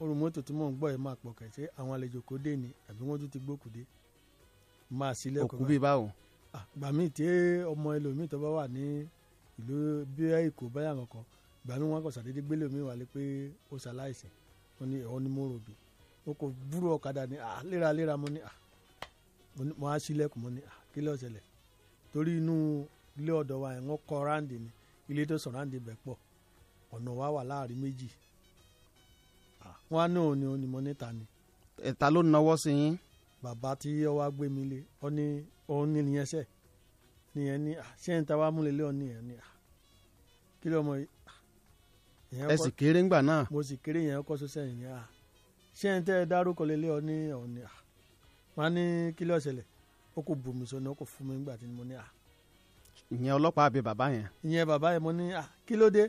orun mọ́tò tí mò ń gbọ́ ẹ̀ máa pọ̀ kẹ̀ àwọn àlejò kò dé ni àbí wọ́n tún ti gbókùdé máa sílẹ̀ kọ́ òkú bíi báwo. gbà mí tí ọmọ ẹlòmíì tó bá wà ní ìlú bí èkó báyà kankan gbà mí wọn kò sàdédé gbélé mi wà lé pé ó ṣaláìsí wọ́n ní ẹ̀họ́ ni mo rò bì mo kò búrò ọ̀kadà ni léraléra mo ní mo á sílẹ̀kùn mo ní kí ló ṣẹlẹ̀ torí inú ilé ọ̀dọ̀ wa ẹ̀ wọ́n kọ́ ọ̀nà wa wà láàrin méjì wọn á ní òun ni òun ni mo níta ni. ẹ̀ta ló náwó sí yín. bàbá tí ó wá gbé mi lé ọ ní òun ní nìyẹn sẹ nìyẹn ní ṣé ń ta wá múlẹ̀ lé ọ nìyẹn ní kí ló mọ. ẹ sì kéré ńgbà náà. mo sì kéré yẹn kọ́ sọ́sẹ́ yìí ní à ṣé ń tẹ́ ẹ dárúkọ lé lé ọ ní ọ̀hún ní à wọn á ní kí ló ṣẹlẹ̀ ó kò bùnmi sọ ni ó kò fún mi ńgbà tí mo ní à. ìyẹn ọlọ́pàá àbí bàbá yẹn. ìyẹn bàbá yẹn mo ní à kí ló dé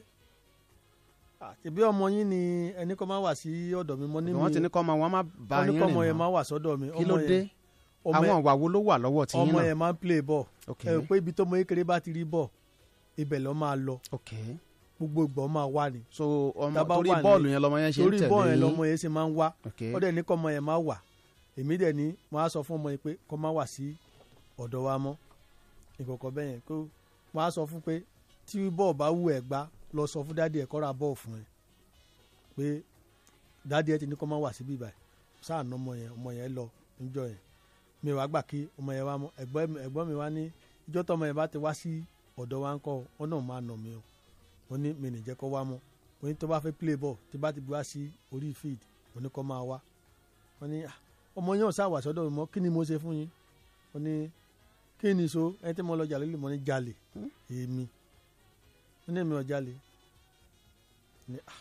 àtẹ̀bí ah, ọmọ yín ni ẹni kọ́ máa wà sí ọ̀dọ̀ mi mọ́ ní mi wọ́n ti ní kọ́ ọmọ wọn máa bá yín rìn mọ́ ọmọ yẹn máa wà sọ́dọ̀ mi kí ló dé àwọn ìwà wo ló wà lọ́wọ́ tí yín náà ọmọ yẹn máa ń play ball ẹ rò pé ibi tó mọ ékeré bá ti rí ball ibẹ̀ lọ́ máa lọ gbogbo ìgbọ́ máa wà ní. so ọmọ torí bọ́ọ̀lù yẹn lọmọ yẹn ṣe ń tẹ̀lé torí bọ́ọ̀lù yẹn lọmọ yẹn ṣe máa ń wá ó dẹ̀ ní kọ́ ọmọ yẹn máa wà èmi dẹ̀ ní mo á sọ fún ọmọ yẹn pé kọ́ máa wà sí ọ̀dọ̀ wa mọ́ ìkọ̀kọ̀ bẹ́yẹn kó mo á sọ fún pé tí bọ́ọ̀ bá wù ẹ̀ gbá lọ sọ fún dáàdi ẹ̀ kọ́ra bọ́ọ̀ fún ẹ pé dáàdi ẹ ti ní kọ́ máa wà síbí báyìí sáànù ọmọ yẹn ọmọ yẹn lọ níjọ yẹn mi wàá gbà kí ọmọ yẹn wá mọ ẹ̀gbọ́n mi wá ní ìjọ tọmọ yẹn bá ti wá sí ọ̀dọ̀ wa ń kọ́ ọ náà máa nà mí o mo ní mi nìjẹ́ kọ́ wá mọ́ mo ní tó bá fẹ́ play ball tí bá ti wá sí orí field mo ní kọ́ máa wá mo ní ah, ọmọ yẹn ò sá wà sọ́dọ̀ mọ́ kí ni mo ṣe fún yín mo ní kí ni so ẹni tí mo lọ jà lórí mo ní jalè hmm? èmi ó ní èmi ọ̀já le ní à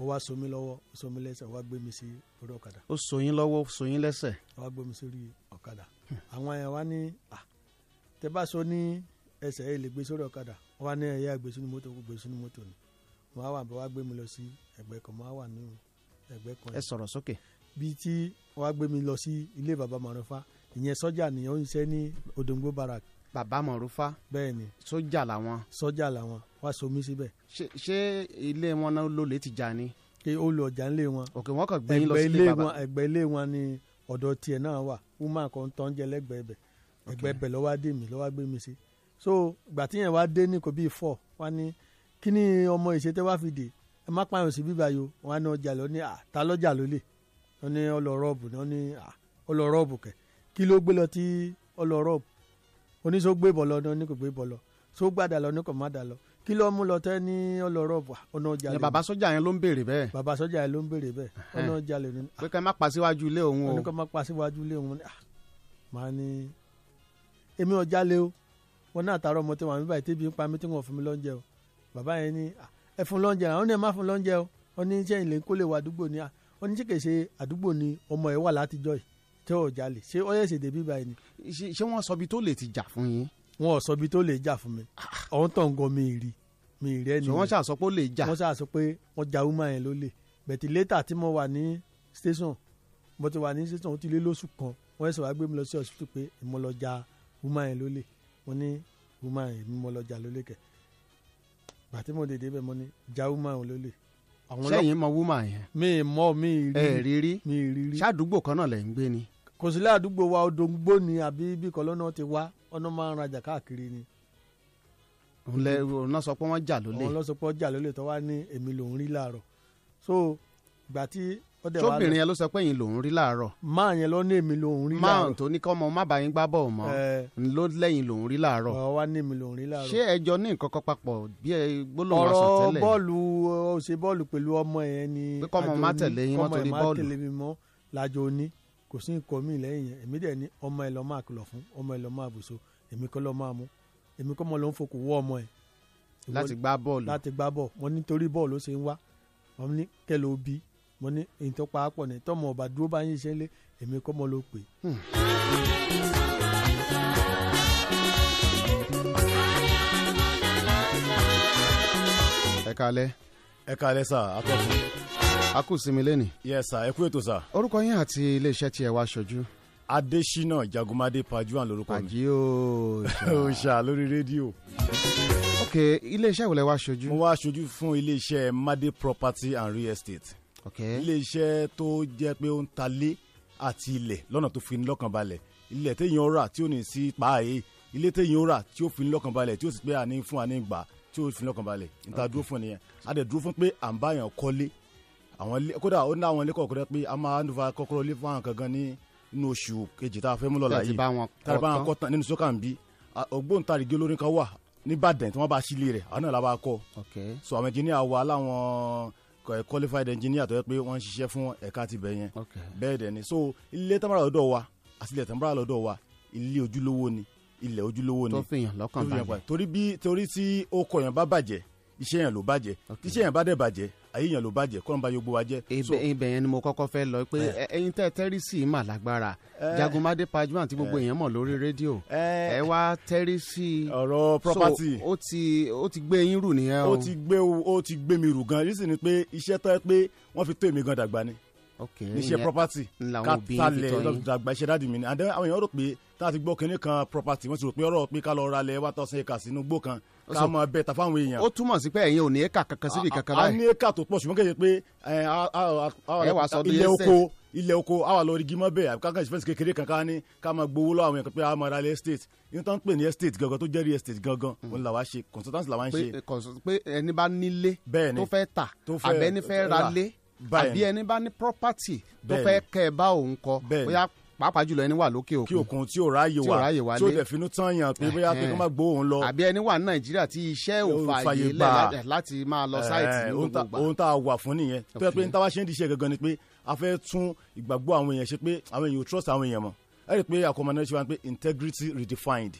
ó wá so mí lọ́wọ́ ó so mí lẹ́sẹ̀ ó wá gbé mi sí orí ọ̀kadà. ó so yín lọ́wọ́ ó so yín lẹ́sẹ̀. ó wá gbé mi sórí ọ̀kadà hmm. àwọn èèyàn wá ní à ah, tẹ bá so ní ẹsẹ̀ ẹ lè gbé sórí ọ̀kadà wá ní ẹ̀yà gbé sínú mọ́tò kó gbé sínú mọ́tò ni mo wá wà bọ́ wá gbé mi lọ sí ẹgbẹ́ kan mo wá wà nínú ẹgbẹ́ kan. ẹ sọ̀rọ̀ sókè. bíi tí wọ́n gbé mi lọ sí ilé bàbá màrúfà ìyẹn sọ́jà nìyẹn ó ń ṣe ní odòǹgbò barak bàbá mọ̀rúfá. bẹ́ẹ̀ni sójà làwọn. sójà làwọn wá somi síbẹ̀. ṣé ilé wọn náà lólè ti jà ni. kí ó lo ọjà ńlé wọn. òkè wọn kàn gbé yín lọ sílé bàbá. ẹ̀gbẹ́ ilé wọn ni ọ̀dọ̀ tiẹ̀ náà wà woman kan tó ń jẹ lẹ́gbẹ̀ẹ́ bẹ̀ ẹ̀gbẹ́ bẹ̀ ló wá dé mi ló wá gbé mi sí. so ìgbà tíyẹn wá dé ní kò bíi four wá ní kí ni ọmọ ìṣètè wá fi dè ẹ má pààyàn sí bíbá yo wọn á ní ọjà lọ ní à ta lọ́jà ló wọn ní ọlọ́rọ̀ọ̀bù ní wọn ní à ọlọ́rọ̀ọ̀bù kẹ kí ló gbé lọ tí ọlọ́rọ̀ọ̀bù oníṣó gbé bọ̀ lọ ní kò gbé bọ̀ lọ tó gbàdà lọ ní kò má dà lọ kí ló mú lọ tẹ́ ní ọlọ́rọ̀ wà ọ̀nà ọjà lè. bàbá sọ́jà yẹn ló ń béèrè bẹ́ẹ̀. bàbá sọ́jà yẹn ló ń béèrè bẹ́ẹ̀ ọ̀nà ọjà lè. pé ká má pa síwájú ilé òun o. ó ní ká má pa síwájú ilé òun ah, máa ní èmi ọjà lé o wọn náà tààrọ ọmọ tí wọn àmì báyìí tẹbi ń pa mí tí wọn fún mi lọ́njẹ o bàbá yẹn ní ah, ẹ fún lọ́njẹ àwọn ẹ má fún lọ́njẹ o wọn ní wà àdúgbò ni wọn ah, ní àdúgbò ni ọmọ ẹ wà látijọ́ yìí tó o jalè ṣé ó yẹ ṣèdè bíbá yìí ni. ṣé wọ́n sọ bí tó lè ti jà fún yín. wọn ò sọ bí tó lè jà fún mi ọ̀hún tó ń gan mi rí mi rí ẹni. wọ́n ṣàṣọ pé ó lè jà. wọ́n ṣàṣọ pé wọ́n ja woman yẹn ló lè bẹ̀tì létà tí mo wà ní station mo ti wà ní station ó ti lé lóṣù kan wọ́n ṣe wá gbé mi lọ sí hospital pé mo lọ ja woman yẹn ló lè mo ní woman yẹn mo lọ ja ló lè kẹ̀ gbàtí mo dèdè bẹ́ẹ̀ mo ní ja woman yẹn ló lè sẹ́yìn mọ wúmà yẹn. mi mọ mi rí mi rí rí. ṣàdúgbò kan náà lẹ̀ ń gbé ni kò sí ládùúgbò wa odòǹgbò ni àbí bí kọlọ́nà ti wá ọ̀nà máa ń rajà káàkiri ni. òun lẹ òun náà sọ pé wọ́n jà lólè. òun lọ sọ pé wọ́n jà lólè tó wá ní èmi lòún rí láàárọ̀ so ìgbà tí ó dẹ̀ wá lọ. sóbìnrin yẹn ló sọ pé yín lòún rí láàárọ̀. máa yẹn lọ ní èmi lòún rí láàárọ̀. máa tó ní kọ́mọ má bàa yín gbá bọ̀ mọ́ ló lẹ́yìn lòún rí láàárọ̀. ọ̀ wá ní èmi lòún rí láàárọ̀. ṣé ẹjọ́ ní nǹkan papọ̀ bí ẹ gbólóhùn ọ̀sán tẹ́lẹ̀. ọ̀rọ̀ bọ́ọ̀lù ó bọ́ọ̀lù pẹ̀lú ọmọ yẹn ni. pé kọ́mọ má tẹ̀lé yín mọ́ torí bọ́ọ̀lù. kọ́mọ má tẹ̀lé mi mọ́ lájọ ní kò sí nǹkan míì lẹ́yìn yẹn èmi dẹ̀ ní ọmọ ẹ lọ́ọ́ máa kìlọ̀ fún ọmọ ẹ lọ́ọ́ máa bùṣọ èmi kọ́ lọ́ọ́ máa mú èmi kọ́ mọ́ ló ń fokò wọ́ ọmọ ẹ. láti gbá bọ́ọ̀lù láti gbá bọ́ọ̀lù mo ní torí bọ́ọ̀lù ó ṣe ń wá mo ní kẹlẹ́ òbí mo ní ìtọ́ paapọ̀ ní tọ́mọ ọba dúró bá yín ṣe lé èmi kọ́ mọ́ ló pè. Hmm. ẹ kalẹ. ẹ kalẹ sá atọ́kùn a kù sí mi lẹ́nì. yes sir ẹ kú ètò sir. orúkọ yín àti iléeṣẹ́ tí ẹ wá ṣojú. adésínà jagunmadé pajuan lorúkọ mi. àjí o ṣá lórí rédíò. ok iléeṣẹ́ wo lẹ wá ṣojú. mo wá ṣojú fún iléeṣẹ́ madé property and real estate. ok iléeṣẹ́ tó jẹ́ pé ó ń ta lé àti ilẹ̀ lọ́nà tó fi ní lọ́kàn balẹ̀ ilẹ̀ téèyàn rà tí ò ní sí pààyè ilé téèyàn rà tí ó fi ní lọ́kàn balẹ̀ tí ó sì pé àní fún àní gbà tí ó fi lọ́kàn balẹ̀ níta dúró fún nìyẹn a dẹ̀ dúró fún pé à ń báyàn kọ́lé àwọn ilé kódà ó ní àwọn ilé kọ̀ọ̀kan rẹ pé a máa ń fa kọ́kọ́rọ́ ilé fún àwọn kankan ní inú oṣù kejì tá a fẹ́ mú lọ́la yìí tàbí bá wọn kọ́ tán nínú sọ́kà ń bí ògbóǹtarìgì olórin kan wà nìbàdàn tí wọ́n bá sílé rẹ̀ àwọn náà la bá kọ́ so àwọn engineer wa láwọn qualified engineer tó yẹ pé wọ́n ń ṣiṣẹ́ fún ẹ̀ka ti bẹ̀ yẹn bẹ́ẹ̀ dẹ̀ ni so ilé tamara lọ́dọ̀ wa àtìlẹ̀ tamara lọ́dọ̀ wa ilé ojúlówó ni ilẹ̀ ojúlówó ni tó fi hàn lọ́kàn balẹ̀ torí bí torí tí ó kọ̀yàn bá bàjẹ́ iṣẹ́ yẹn ló bàjẹ́ iṣẹ́ yẹn bá dẹ̀ bàjẹ́ ayé yẹn ló bàjẹ́ kọ́ńtà bá yogbo wa jẹ́. ibẹ̀ yẹn ni mo kọ́kọ́ fẹ́ lọ pé eh. ẹ̀yin tẹ́ tẹ́rìsì mà lágbára eh. Jagunmade Pajúmọ̀ àti gbogbo eh. èèyàn mọ̀ lórí rédíò ẹ wá tẹ́rìsì. ọ̀rọ̀ property so ó ti ó ti gbé yín rù nìyẹn o. ó ti gbé ó ti gbé mi rù gan yìí sì ni pé iṣẹ́ tó yẹ pé wọ́n fi tó èmi gan dàgbà ni níṣẹ́ property kátàlẹ̀ ìdàgbà iṣẹ́ dáàdì mi ni and then àwọn èèyàn rò pé tá a ti gbọ́ kinní kan property wọ́n ti rò pé ọ̀rọ̀ pé ká lọ ra lẹ̀ wá tọ́sán ẹ̀ka sínú gbó kan ká mọ bẹ́ẹ̀ ta fáwọn èèyàn. ó túmọ̀ sí pé ẹ̀yin ò ní ẹ̀ka kankan síbi kankan báyìí. a ní ẹ̀ka tó pọ̀ ṣùgbọ́n kéde pé ilẹ̀ oko ilẹ̀ oko àwa lọ rí gímọ̀ bẹ́ẹ̀ àbíká kan ìfẹ́sì kékeré kankan ní ká máa gbowó lọ àwọn èèyàn pé a máa ra ilẹ̀ estate ní tán pè ní estate gangan tó jẹ́ real estate gangan mm. òun làwa ṣe consultancy làwa ń ṣe. pé ẹni bá nílé tó fẹ́ tà àbẹ́ni fẹ́ ra lé àbí ẹni bá ní property tó fẹ́ kẹ́ ẹ bá òun kọ bóyá pàápàá jùlọ ẹni wà lókè òkun kí òkun tí ò ráàyè wá tí ò ráàyè wá lé tí ò dẹ̀ tán yàn pé bóyá pé kó má gbó òun lọ. àbí ẹni wà ní nàìjíríà tí iṣẹ́ ò fààyè lẹ̀ láti máa lọ sáìtì ní gbogbo gbà. ohun tá a wà fún nìyẹn tó yẹ pé níta wá ṣe ń di iṣẹ́ gangan ni pé a fẹ́ tún ìgbàgbọ́ àwọn èèyàn ṣe pé àwọn èèyàn ò trust àwọn èèyàn mọ́ ẹ rí i pé àkọmọdé ṣe wá pé integrity redefined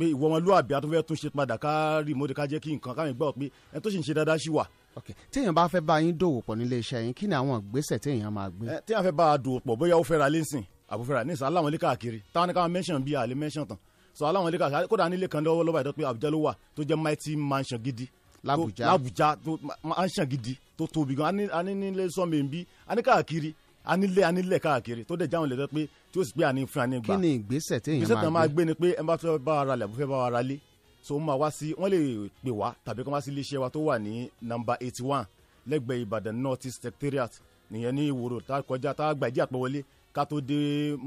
pé ìwọ ọmọlúwàbí àtúnfẹ́ tún ṣe padà ká rí ìmọ̀dé ká jẹ́ kí nǹkan káwọn ìgbà pé ẹni tó sì ń ṣe dáadáa ṣì wà ok téèyàn bá fẹ́ bá yín dòwò pọ̀ nílé iṣẹ́ yín kí ni àwọn ìgbésẹ̀ téèyàn máa gbé. téèyàn fẹ́ bá a dòwò pọ̀ bóyá ó fẹ́ ra lẹ́sìn àbò fẹ́ ra ilé káàkiri táwọn ní káwọn mẹ́sàn bíi àlè mẹ́sàn tán so aláwọn ilé káàkiri kódà nílé kan lọ́wọ́ lọ́wọ́ ìdọ́pẹ́ Àbújá ló wà tó jẹ́ mighty mansion gidi làbújá làbújá tó mansion gidi tó tóbi gan ani nílé sọ́mẹ̀ẹ́bí ani káàkiri anílẹ̀ anílẹ̀ káàkiri tó dẹ̀ jáwọn lẹ́tọ́ pé tí ó sì pé àní fún àní gbà. kí ni ìgbésẹ̀ téèyàn máa gbé ìgbésẹ̀ téèyàn máa gbé ni pé ẹ bá fẹ́ bá ara lẹ̀ bó bá ara lé so wọ́n máa wá sí wọ́n lè pè wá tàbí kí wọ́n wá sí iléeṣẹ́ wa tó wà ní nọ́mbà eighty one lẹ́gbẹ̀ẹ́ ìbàdàn north east secretariat nìyẹn ní ìwòrò tá a kọjá tá a gbà ìdí àpẹwọlé ká tó dé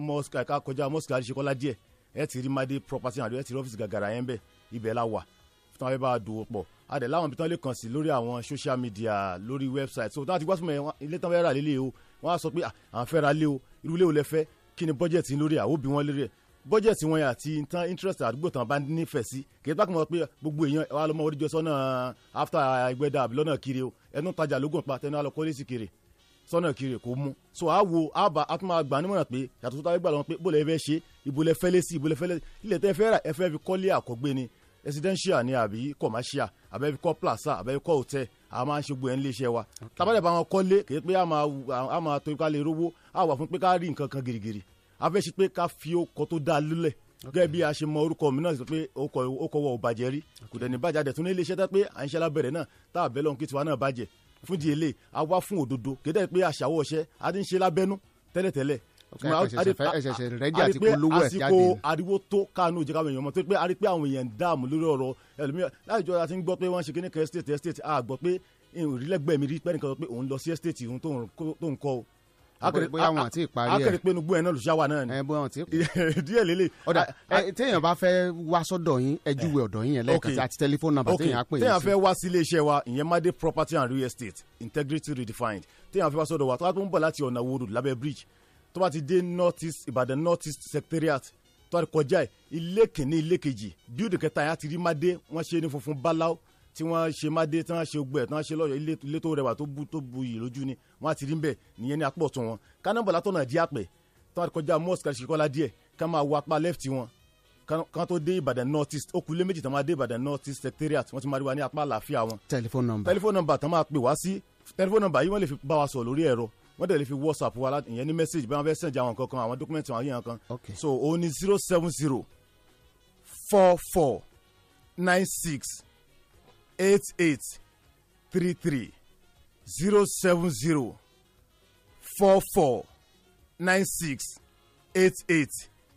mosque ká kọjá mosque àríṣekọ́lá díẹ̀ ẹ ti rí madé property and ẹ ti rí ọ́fíìsì gàgàrà yẹn bẹ́ẹ̀ ibẹ̀ la wà tí wọ́n bá a dòwò pọ̀ adẹ̀ láwọn ibi tí wọ́n lè kàn sí lórí àwọn social media lórí website so láti gbásùnmọ̀ ilé tí wọ́n fẹ́ rà lélẹ̀ o wọ́n á sọ pé à ń fẹ́ ra lé o irú ilé wo lẹ fẹ́ kí ni budget lórí àwọn òbí wọn lérí ẹ̀ bọ́jẹ̀tì wọn àti tán interest àdúgbò tán bá nífẹ̀ẹ́ sí kì í bá kàn mọ́ pé gbogbo èèyàn wa lọ́mọ oríjọ sọ́nà after ẹgbẹ́dà àbí lọ́nà kiri o ẹnu tajà lógún pa tẹnu alọ́ kọ́lẹ́sì kiri sọ́nà kiri kò mú so a wo a bá a tún máa gbà nímọ̀ràn pé yàtọ̀ tó táwọn gbà lọ́wọ́ pé bó lè fẹ́ ṣe ibo lè fẹ́lẹ́ sí ibo lè fẹ́lẹ́ ilẹ̀ tẹ́ fẹ́ rà ẹ fẹ́ fi kọ́lé àkọ́gbé ni residential ni àbí commercial àbẹ́ fi kọ́ plaza àbẹ́ fi kọ́ hotel a máa ń ṣe ẹ̀ ń lé wa tabalẹ̀ bá wọn kọ́lé kì í pé a máa torí ká lè rówó a wà fún pé ká rí nǹkan kan gírígírí afẹ́ sí pé ká fi okọ̀ tó dáa lulẹ̀ gẹ́gẹ́ bí a ṣe mọ orúkọ mi náà sọ pé okọ̀ wọ ò bàjẹ́ rí kò dẹ̀ ní bàjẹ́ àdẹ̀tún ní iléeṣẹ́ tá pé à ń ṣe alábẹ̀rẹ̀ náà tá a bẹ́ lọ́n kí tiwa náà bàjẹ́ fún di èlé a wá fún òdodo kéde pé àṣàwọ̀ ọ̀ṣẹ́ a ti ń ṣe lábẹ́nú tẹ́lẹ̀tẹ́lẹ̀ àsìkò ariwo tó kánú jẹ káwọn èèyàn mọ̀ tó pé àrí pé àwọn èèyàn ń dààmú lórí ọ̀rọ̀ ẹlòmíràn láìjọ àti ń gbọ́ pé wọn ṣe kíní kan estate estate a gbọ́ pé ìrìlẹgbẹmí rí pẹ́ẹ́nìkan sọ pé òun lọ sí estate òun tó ń kọ́ o bóyá wọn àti ìparí ẹ akẹrẹ pé nugbó ẹ náà lùsíàwá náà ni bóyá wọn ti kù díẹ̀ lélẹ̀. ọ̀dà téèyàn bá fẹ́ wá sọ́dọ̀ yín ẹ júwe eh, ọ̀dọ̀ yín yẹn lẹ́ẹ̀kan àti tẹlifóònù nàbà téèyàn á pè é téèyàn fẹ́ wá sí ilé wa ìyẹn Made Property and Real Estate Integrity Redefined téèyàn fẹ́ wá sọ́dọ̀ wa tó bá tún bọ̀ láti ọ̀nà wòrò lábẹ́ bridge tó bá ti dé North East Ìbàdàn North tí wọ́n ṣe mádé tí wọ́n ṣe ogbẹ́ tí wọ́n ṣe lọ́yọ̀ ilé tó rẹwà tó bu tó bu yìí lójú ni wọ́n á ti rí bẹ́ẹ̀ nìyẹn ní apọ̀ tó wọn kánábọ̀ látọ̀nà dí àpẹ̀ tí wọ́n kọjá mosque kàṣí kọ́lá díẹ̀ ká máa wọ apá left wọn kan tó dé Ìbàdàn north east ó kù méjì tán máa dé Ìbàdàn north east secretariat wọ́n ti máa rí wa ní apá àlàáfíà wọn. telephone number nine six eight eight three three zero seven zero four four nine six eight eight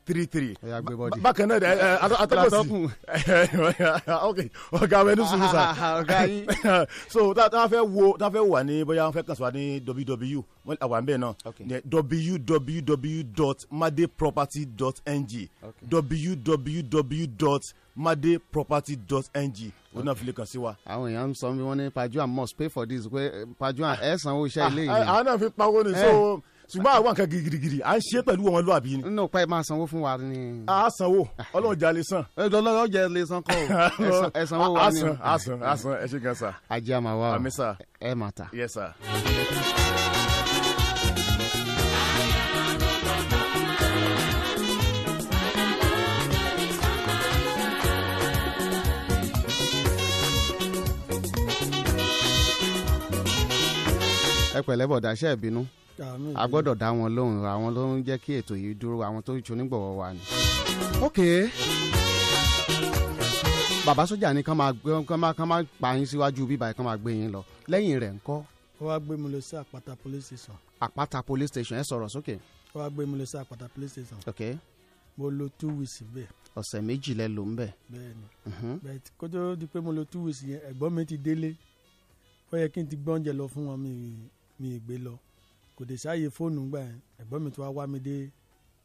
three three. ẹ yà gbé bọ́dì. bákan náà ẹ atọ́kùn sí ọ̀gá wẹ́n ní sùúrù sá. ọ̀gá yìí. so táwọn fẹ́ wo táwọn fẹ́ wà ní bóyá wọ́n fẹ́ kàn sí wa ní www àwọn àbẹ̀ náà www.madeproperty.ng www madeproperty.ng òun náà fi lè kàn sí wa. àwọn èèyàn ń sọ bí wọ́n ní pajuan must pay for this pé eh, pajuan ah, ẹ̀ sanwó iṣẹ́ ah, ilé ah, yìí. àwọn náà fi pawó ni eh. so ṣùgbọ́n àwọn nǹkan girigirigiri à ń ṣe pẹ̀lú wọn lóàbí ni. nínú pa ẹ máa sanwó fún wa ni. a sanwó ọlọ́run jà lè san. Eh, ọlọ́run jà lè san kọ́ ẹ sanwó wa ni. a san a san a san ẹ ṣe gan sa. ajé àmàwá ẹ máa ta. yes sir. ẹ pẹ̀lẹ́ bọ̀dá ṣe é bínú a gbọ́dọ̀ dá wọn lóhùn àwọn ló ń jẹ́ kí ètò yìí dúró àwọn tó ń ṣonígbọ̀wọ́ wa ni. ok bàbá sójà ni kán máa pa yín síwájú bíbá yìí kán máa gbé yín lọ lẹ́yìn rẹ̀ ńkọ́. ó wá gbé mi lọ sí àpáta police station. àpáta police station ẹ sọ̀rọ̀ sókè. ó wá gbé mi lọ sí àpáta police station. ok. mo lo two weeks bẹ́ẹ̀. ọ̀sẹ̀ méjì lẹ lò ń bẹ̀. bẹ́ẹ̀ni bẹ́ẹ̀ mhm. kótó di pé mo lo two weeks yẹn ẹ̀gbọ́n mi ti délé ó yẹ kí n ti gbọ́únjẹ lọ fún wọn mi mi ì gbé lọ kò dé sáàyè fóònù gbà yẹn ẹ̀gbọ́n mi tó wá wá mi dé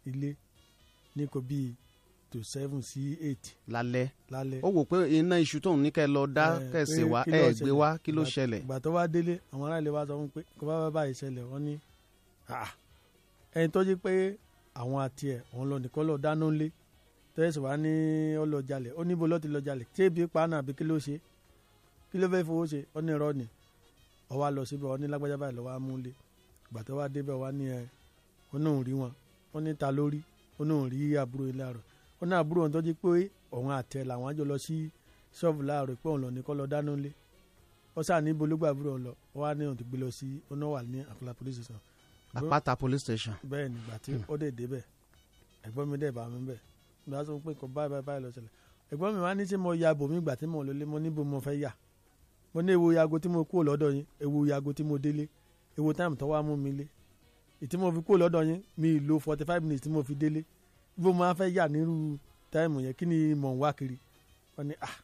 ilé ní kò bíi to seven sí eight. lálẹ́ lálẹ́ ó wò pé iná iṣu tóun ní kẹ́ lọ dá kẹsì wá ẹ gbé wá kí ló ṣẹlẹ̀. ìgbà tó wá délé àwọn aráàlú wa sọ fún pé kó bá bá báyìí ṣẹlẹ̀ wọ́n ní ẹni tó jí pé àwọn àti ẹ̀ òun lọ nìkan lọ dáná ńlé tẹ́sí wa ní ọlọ́jalè ó níbo lọ́ọ́ ti lọ́ọ́ jalè tí ebi pa náà àbí kí ló ṣe kí ló fẹ́ fowó ṣe ó ní irọ́ ọwọ́ lọ síbẹ̀ ọ ní lágbájá báyìí lọ́wọ́ amúlé ìgbà tó wá débẹ̀ wá ní ẹ ó náà rí wọn ó ní ta lórí ó náà rí àbúrò yìí láàárọ̀ ó náà àbúrò wọn tó jí pé òun àtẹ làwọn àjọ lọ sí ṣọ́ọ̀bù láàárọ̀ pé òun lọ ní kọ́ lọ dáná lé ó sà ní bológbò àbúrò lọ ó wá ní òun gbé lọ sí ó ní àpàlà police station. àpáta police station. bẹ́ẹ̀ nígbà tí ó dé débẹ̀ ẹ̀gbọ́n mi dẹ̀ bá mi bẹ̀ ìgbà tó ń pè kọ́ báyìí báyìí lọ ṣẹlẹ̀ ẹ̀gbọ́n mi wá ní tí mo ya bòmí ìgbà tí mo lọ lé mo níbo mo fẹ́ yà mo ní ewu yago tí mo kúrò lọ́dọ̀ yín ewu yago tí mo délé ewu táìmù tó wá mú mi lé ìtí mo fi kúrò lọ́dọ̀ yín mi lo forty five minutes tí mo fi délé ibo máa fẹ́ yà nírú táìmù yẹn kí ni mò ń wá kiri wọ́n ní ah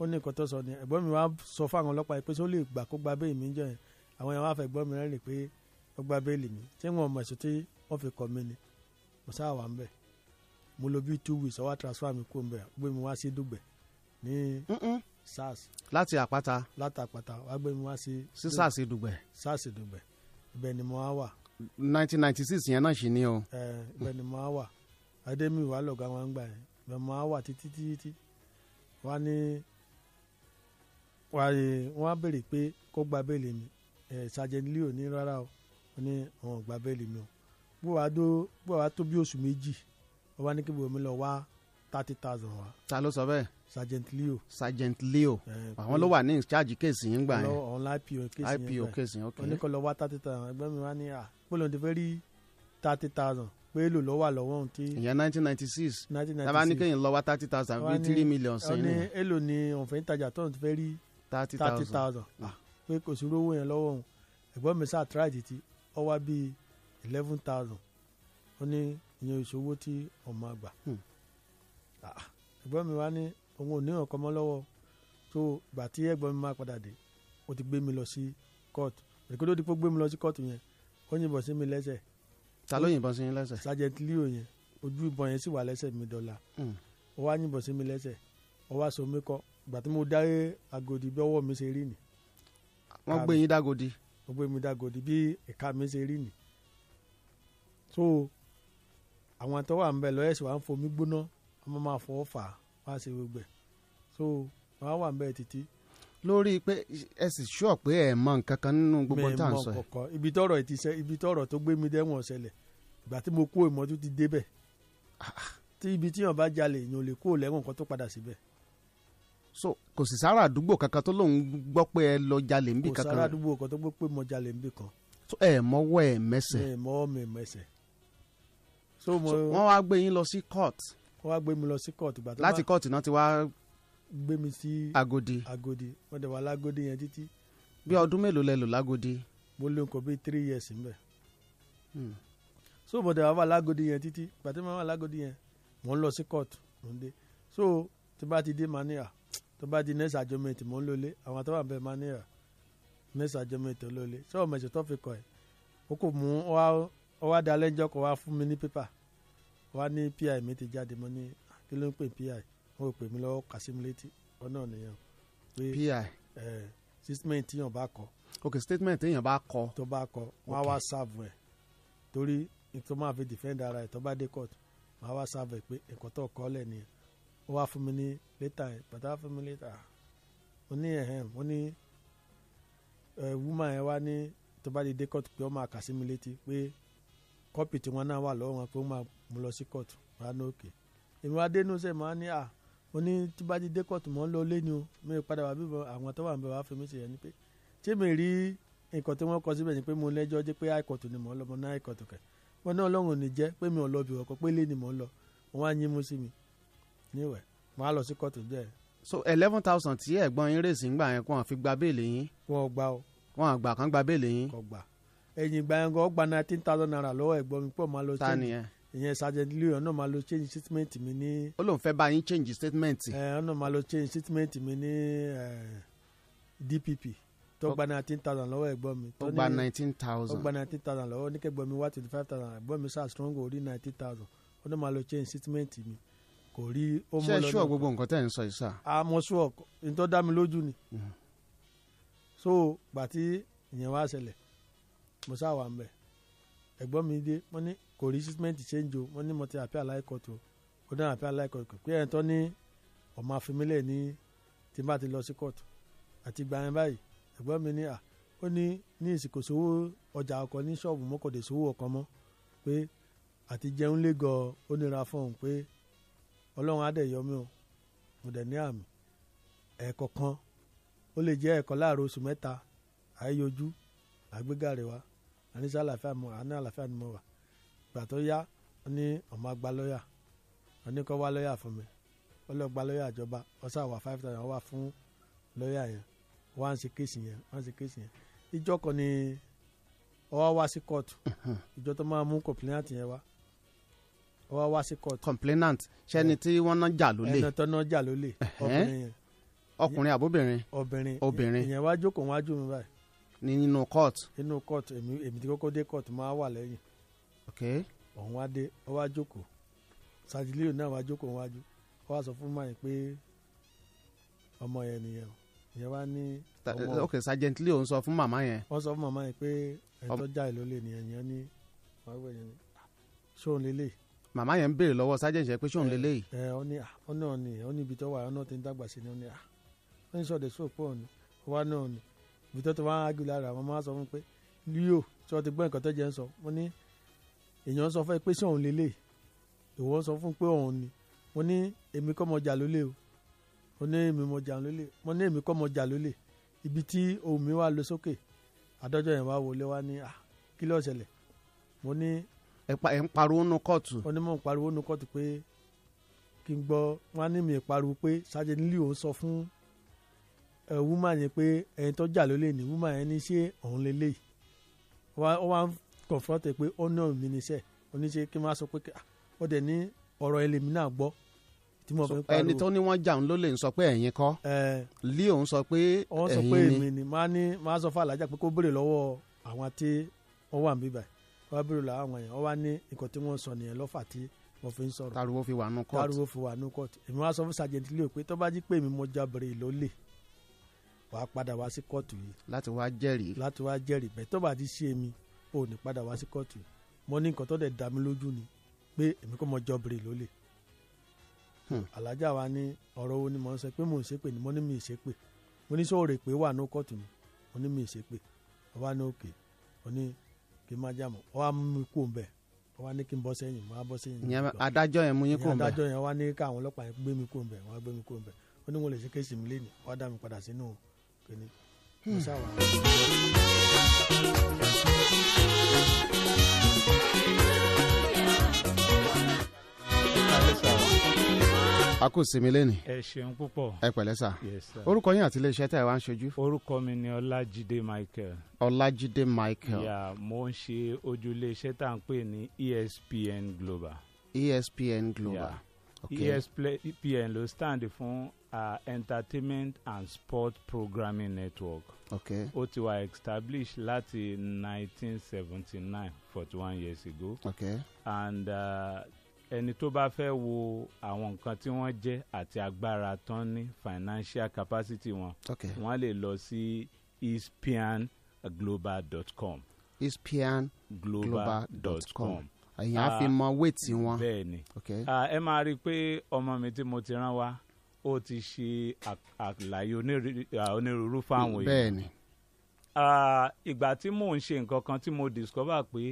ó ní nǹkan tó sọ ni ẹ̀gbọ́n mi wá sọ fáwọn ọlọ́pàá yìí pé só lè gbà kó gba béèlì mi jọ yẹn àwọn yẹn wá fẹ́ gbọ́ mi rẹ́ rè pé ó gba béèlì mi tí wọ́n mọ̀ ẹ̀sùn tí wọ́n fi kọ́ mi ni mo sáà wà ń bẹ̀ mo lo bí two weeks ọwọ́ transfer mi kú ń bẹ̀ gbé mi wá sí Dùgbẹ̀ ní sars. láti àpáta. láti àpáta wàá gbé mi wá sí. sí sars dùgbẹ̀. sars dùgbẹ̀ ibẹ̀ ni mo á wà. nineteen ninety six yẹn náà sì ni o. ẹ ibẹ̀ ni mo á wà adémi wà lọ̀gá wọn gbà yẹn ibẹ̀ mo á wà títí títí wá ní wọ́n á béèrè pé kó gba béèlì mi sergeant leo ní rárá o ní àwọn gba béèlì mi o bó wàá tó bí oṣù méjì wọ́n bá ní kí bòmí lọ wá thirty thousand wa. ta ló sọ bẹ́ẹ̀. sergeant leo. sergeant leo eh, àwọn ló wà ní ìcháàjì kéèsì yín gbà yẹn. ọ̀hún ipo kéèsì yẹn ipo kéèsì yẹn ok. oníkọlọ wá thirty thousand ẹgbẹ́ mi wá ní à gbọ́dọ̀ ti fẹ́ rí thirty thousand pé èlò lọ́wọ́ àlọ́wọ́ ohun tí. ìyẹn nineteen ninety six tábà ní kéyìn lọ́wọ́ thirty thousand bíi three million sẹ́yìn. ọ̀ní èlò ni òǹfẹ́ ìtajà tó ń fẹ́ rí thirty thousand ah. pé kò sí rówó yẹn lọ́wọ́ òun ẹ̀gbọ́n mi sáà tíráì títí ọwá bíi eleven thousand ó ní ìyẹn ìṣòwò tí ọmọ àgbà. Hmm Ah, ẹ̀gbọ́n mi wá ní òun ò ní ọ̀kan mọ́ lọ́wọ́ tó gbà tí ẹ̀gbọ́n mi máa padà dé ó ti gbé mi lọ sí kóòtù èkótó ti pọ́ gbé mi lọ sí kóòtù yẹn ó yìnbọn sí mi lẹ́sẹ̀. ta ló yìnbọn sí yín lẹ́sẹ̀. sergeant leo yẹn ojú ìbọn yẹn sì wà lẹ́sẹ̀ mi dọ́là hmm. ó wá yìnbọn sí mi lẹ́sẹ̀ ó wá so mi kọ́ ìgbà tí mo dáré agodi bí ọwọ́ mi ṣe rí ni. wọ́n gbé yín dágodi. wọ́n gbé mi dágodi bí ìka mi ṣe rí ni. so àwọn àtọwà ń bẹ lọ́yẹ̀sì wa ń fomi gbóná wọ́n máa fọ́ fà á wọ́n á gbogbo ẹ̀ so wọ́n wà ń títí. lórí pé ẹ sì ṣúọ̀ pé ẹ mọ nǹkan kan nínú gbogbo tá à ń sọ yìí. ibi tọrọ ti ṣe ibi tọrọ tó gbé mi dẹ́wọ̀n ṣẹlẹ̀ ìgbà tí mo kó ìmọ́tò ti débẹ̀ tí ibi tí yàn bá jalè èèyàn lè kó lẹ́wọ̀n kan tó padà síbẹ̀. so kò sì sára àdúgbò kankan tó lóun gbọ́ pé ẹ lọ jalè ńbì kankan. kò sára àdúgbò kan tó gbọ́ pé mo jalè ńbì kan. so ẹ mọ́wọ́ ẹ mẹ́sẹ̀. ẹ mọ́wọ́ mi mẹ́sẹ̀. so mo. wá gbé yín lọ sí court wọ́n wá gbé mi lọ sí kóòtù gbà tó bá láti kóòtù náà ti wá gbé mi sí Agodi Agodi wọ́n dẹ̀ wá lágodi yẹn títí. bí ọdún mélòó lẹ lò lágodi. mo lò nǹkan bíi three years mbẹ. Hmm. so mo dẹ̀ wá wà lágodi yẹn títí gbà tí mo wà lágodi yẹn mo ń lọ sí kóòtù mo ń dé so tó bá ti dé mania tó bá di next adjournment mo ń lọlé àwọn tó wà bẹ́ẹ̀ mania next adjournment lọlé sọ ọmọ ẹ̀sìn tó fi kọ ẹ̀ ó kò mú ọ wá dalẹ́ kó wá fún mi ní pépà wá ní pi mi ti jáde mo ní kí ló ń pè pi wọn ò pè mí lọ́wọ́ kàsímù létí wọn náà nìyẹn. pi statement tíyàn bá kọ. ok statement tíyàn bá kọ. tó bá kọ wọn á wá sáàbù ẹ torí nǹkan máa fi defend ara ẹ tó bá dé court wọn á wá sáàbù ẹ pé nǹkan tó kọ́ lẹ̀ nìyẹn ó wá fún mi ní létà ẹ bàtà fún mi létà mo ní ẹ̀hẹ́n mo ní ẹ̀ wúmà ẹ wá ní tó bá dé court pé ó máa kàsímù létí pé kọ́pì tí wọ́n náà wà lọ́wọ́ wọn pé wọ́n máa mú lọ sí kóòtù wọn ní èmi wá dé inúṣẹ́ mọ́ ní à mo ní tí bá ti dé kóòtù mọ́ lọ lé ni o mi ì padà wá bíbọ àwọn tó wà ń bẹ wá fi mí ṣèyẹn ni pé tí mi rí nǹkan tí wọ́n kọ síbẹ̀ ni pé mo lẹ́jọ́ jẹ́ pé àìkọ̀tù ni mò ń lọ mo ní àìkọ̀tù kẹ̀ mo ní ọlọ́run ní jẹ́ pé mi ò lọ bìwọ̀ kọ́ pé lé ni mò ń lọ mo wá yín mú sí mi níwẹ̀ mo á lọ sí kóòtù jẹ́ so eleven thousand tí ẹ̀gbọ́n yín rèsì ń gbà yẹn kó wọn fi gba béèlì yín. wọn ò gbà o. wọn àgbà kan gba béèlì yín. kò gbà ẹ̀yìn ìgbà yẹn gan ọgbà nineteen thousand naira lọ́wọ́ ẹ̀gbọ́n mi pọ̀ máa lọ change ìyẹn sergeant leon náà máa lọ change statement mi ní. ó lóun fẹ́ bá yín change statement. ẹ ọ náà máa lọ change statement mi ní dpp tó gba nineteen thousand lọ́wọ́ ẹ̀gbọ́n mi. ó gba nineteen thousand. ó gba nineteen thousand lọ́wọ́ oníkẹ́gbọ́n mi wá twenty five thousand ẹ̀gbọ́n mi sá strong orí nineteen thousand ó náà máa lọ change statement mi kò rí ó mú lọ. gbogbo nǹkan tẹ̀ ń sọ yìí sà. àmọ́ ṣúọ̀ nítorí dá mi lójú ni. Mm-hmm. so gbàtí ìyẹn wá ṣẹlẹ̀ mo ṣáà wà mbẹ̀ ẹ̀gbọ́n mi dé wọ́n ní kò rí treatment change o wọ́n ní mo ti appear high court o ó dáhùn appear high court pé ẹ̀ ń tọ́ ní ọmọ àfimílẹ̀ ní tí n bá ti lọ sí court àti gbà yẹn báyìí ẹ̀gbọ́n mi ní à ó ní ní ìsìnkò sówó ọjà ọkọ̀ ní ṣọ́ọ̀bù mọ́kòdè sówó ọkọ̀ mọ́ pé àti jẹun lé gan ó nira fún òun pé ọlọ́run á dẹ̀ yọ mí o mo dẹ̀ ní àmì ẹ̀ẹ̀kọ̀kan ó lè jẹ́ ẹ̀ẹ̀kan láàárọ̀ oṣù mẹ́ta àìyọjú àgbéga rẹ̀ wá àníṣe àlàáfíà mo àní àlàáfíà ni mo wà ìgbà tó yá ó ní ọmọ àgbà lọ́yà ó ní kó wá lọ́yà fún mi ó lọ gba lọ́yà wà five thousand ó wà fún lọ́yà yẹn wá ń ṣe kéèsì yẹn wá ń ṣe kéèsì yẹn ìjọ kan ni ó wá wá sí kóòtù ìjọ tó máa mú complainant yẹn wá ó wá wá sí kóòtù. complainant ṣẹni tí wọ́n náà jà lólè ẹni tó náà jà lólè ọkùnrin yẹn ọkùnrin àbóbìnrin obìnrin ìyẹn wá jókòó wájú mi báyìí ní nínú court. nínú court èmi èmi tí kọ́kọ́ dé court máa wà lẹ́yìn. ok. òun wá dé ó wá jókòó sajilio náà wá jókòó wájú ó wá sọ fún mayin pé ọmọ yẹn nìyẹn o wá ní. ok sergeant leo ń sọ fún màmá yẹn. wọ́n sọ fún màmá yẹn pé ẹ̀tọ́ já ìlú nìyẹn yẹn ní wàhálà yẹn ní ṣóun lélẹ̀. màmá yẹn ń béèrè lọ́wọ́ sergeant yẹn pé ṣóun lélẹ̀ yìí. ẹ ọ ní ọ náà ní ọ ní ibi tó wà ọ náà ti ń dàgbà sí ni ọ ní à ó ń sọ̀dẹ̀ sóòpọ̀ ọ̀nà wa náà ní ibi tó ti wá ágì lára àwọn máa sọ fún pé leo tí wọ́n ti gbọ́ nǹkan tó jẹ́ ń sọ wọ́n ní èèyàn sọ fún ẹ pé sí òun lélẹ̀ ìwọ sọ fún pé òun ni wọ́n ní èmi kọ́ mọ jà lólè o wọ́n ní èmi mọ jà lólè wọ́n ní èmi kọ́ mọ jà lólè ibi tí ohùn mi wá lọ sókè adájọ́ yẹn wá wọlé wá ní à ah, kí ló ṣẹlẹ̀ mo ní. ẹ ń pariwo nu kóòtù. wọ́n ní mò ń pariwo nu kóòtù pé kí n gbọ́ wọ́n á ní mi pariwo pé sájẹ́ woman yẹn pé ẹni tó jà lólè ní woman yẹn ní ṣé òun lè léyìí ó wá ń confront ẹ pé ọ̀nà mi ní sẹ́ oníṣe kí n máa sọ pé ah, ó dẹ̀ ní ọ̀rọ̀ ẹlẹ́mi náà gbọ́ tí mo fẹ́ pariwo ẹni tó ní wọ́n jà ń lólè ń sọ pé ẹ̀yin kọ́ lé òun sọ pé ẹ̀yin ni ni máa ní máa sọ fún alájà pé kó béèrè lọ́wọ́ àwọn tí wọ́n wà ń bíbà wọ́n á lọ́wọ́ àwọn yẹn wọ́n wá ní nǹkan tí fi ń sọ̀rọ̀ tariwo fi wà nù kọ́ọ̀tù tariwo fi wà nù kọ́ọ̀tù èmi wá sọ fún sàjẹ̀ntì lé o pé tó pé èmi mo jábẹ̀rẹ̀ ìlólè wàá padà wá sí kóòtù yìí. láti wá jẹ́rìí. láti wá jẹ́rìí bẹ́ẹ̀ tó bá ti ṣe mi ò ní padà wá sí kóòtù yìí mo ní nǹkan tó dẹ̀ dá mi lójú ni pé èmi kò mọ jọ́bìrì lólè. Hmm. alájà wa ní ọ̀rọ̀ wo ni mo ń sọ pé mò ń ṣépè ni mo ní mi ì ṣépè mo ní sọ̀rọ̀ èpè wà ní kóòtù mi mo ní mi ì ṣépè ọba ní òkè mo ní kí n má jà mọ́ ọba mú mi kú bẹ́ẹ̀ wọ́n ní kí n bọ́ sẹ́yìn wọ́n á bọ́ sẹ́yìn. ìyẹn adájọ́ yẹn mú yín kò ń adájọ́ yẹn wọ́n ní káwọn ọlọ́pàá yẹn gbé mi kò ń wọ́n gbé mi kò ń ó ní wọn lè ṣe kéèsì mi lénìí wọ́n á dá mi padà sínú kínní hmm. mo sáwà. a kò sinmi lẹ́nu. ẹ ṣeun púpọ̀. ẹ pẹ̀lẹ́ sà. orúkọ yín àti iléeṣẹ́ tẹ́ ẹ wá ń ṣojú. orúkọ mi ni ọlájídé michael. ọlájídé michael. yà mo ń ṣe ojú iléeṣẹ́ tá à ń pè ní espn global. espn global. Yeah. Okay. espn ló stand fún uh, entertainment and sport programming network. okay. ó ti wà established láti nineteen seventy nine forty one years ago. okay. and uh, ẹni tó bá fẹ́ wo àwọn nǹkan tí wọ́n jẹ́ àti agbára tán ní financial capacity wọn. okay. wọ́n lè lọ sí espianglobal.com. espianglobal.com èyàn e á fi mọ wéètì wọn. bẹ́ẹ̀ni uh, ẹ máa rí i pé ọmọ mi tí mo ti rán wa ó ti ṣe àlàyé onírúurú fáwọn èèyàn. bẹ́ẹ̀ni. ìgbà tí mò ń ṣe nǹkan kan tí mo discover pé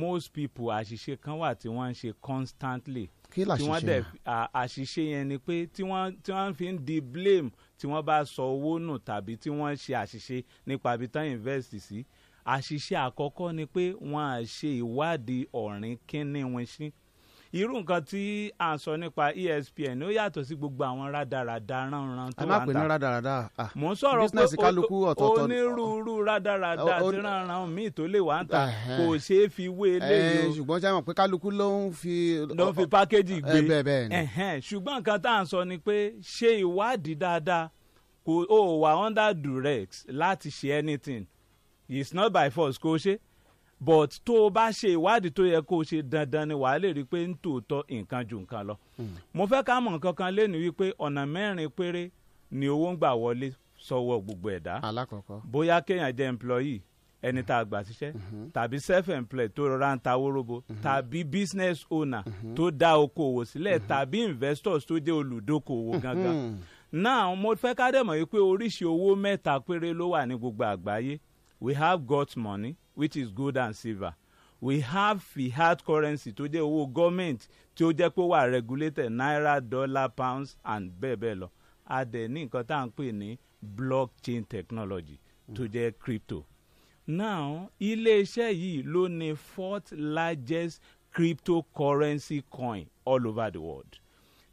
most people àṣìṣe kan wà tí wọ́n ń ṣe constantly kí làṣìṣe yẹn àṣìṣe yẹn ni pé tí wọ́n tí wọ́n fi ń di blame tí wọ́n bá sọ owó nù tàbí tí wọ́n ṣe àṣìṣe nípa ibi tán invest sí àṣìṣe àkọ́kọ́ ni pé wọ́n á ṣe ìwádìí ọ̀rìn kínní wọn sí. Si irú nǹkan tí à ń sọ nípa ESPN ó yàtọ̀ sí gbogbo àwọn rádaràda ránran tó wà ń ta. ẹ má pè ní rádaràda. mò ń sọ̀rọ̀ pé onírúurú rádaràda àti ránran míì tó lè wà ń ta kò ṣeé fi wé léyìn. ṣùgbọ́n ṣe àmọ̀ pé kálukú ló ń fi. ló ń fi pákéjì gbé ṣùgbọ́n nǹkan tá à ń sọ ni pé ṣe ìwádìí dáadáa kò ó wà under duress láti ṣe anything it's not by force kò ṣe but tó o bá ṣe ìwádìí tó yẹ kó o ṣe dandan ni wàá lè rí i pé ń tòótọ́ nǹkan ju nǹkan lọ. Hmm. mo fẹ́ ká mọ̀ nǹkan lé ní wípé ọ̀nà mẹ́rin péré ni owó ń gbà wọlé sọ́wọ́ gbogbo ẹ̀dá. alákọ̀ọ́kọ́. bóyá kéèyàn jẹ́ employee ẹni tá a gbà síṣẹ́ hmm. tàbí self-employed tó rọra ń ta wóróbo hmm. tàbí business owner tó dá okòwò sílẹ̀ tàbí investors tó jẹ́ olùdókòwò gangan. now mo fẹ́ ká dẹ̀ mọ̀ wípé oríṣi owó mẹ́ta péré ló wà ní gbogbo àgbáyé we have God's money which is gold and silver we have fiat currency tó jẹ́ owó gọ́ọ̀mẹ̀ntì tí ó jẹ́ pé wà regulated naira dollar pounds and bẹ́ẹ̀ bẹ́ẹ̀ lọ a dẹ̀ ní nǹkan tá à ń pè ní blockchain technology tó jẹ́ crypto. now iléeṣẹ́ yìí ló ní fourth largest cryptocurrency coin all over the world.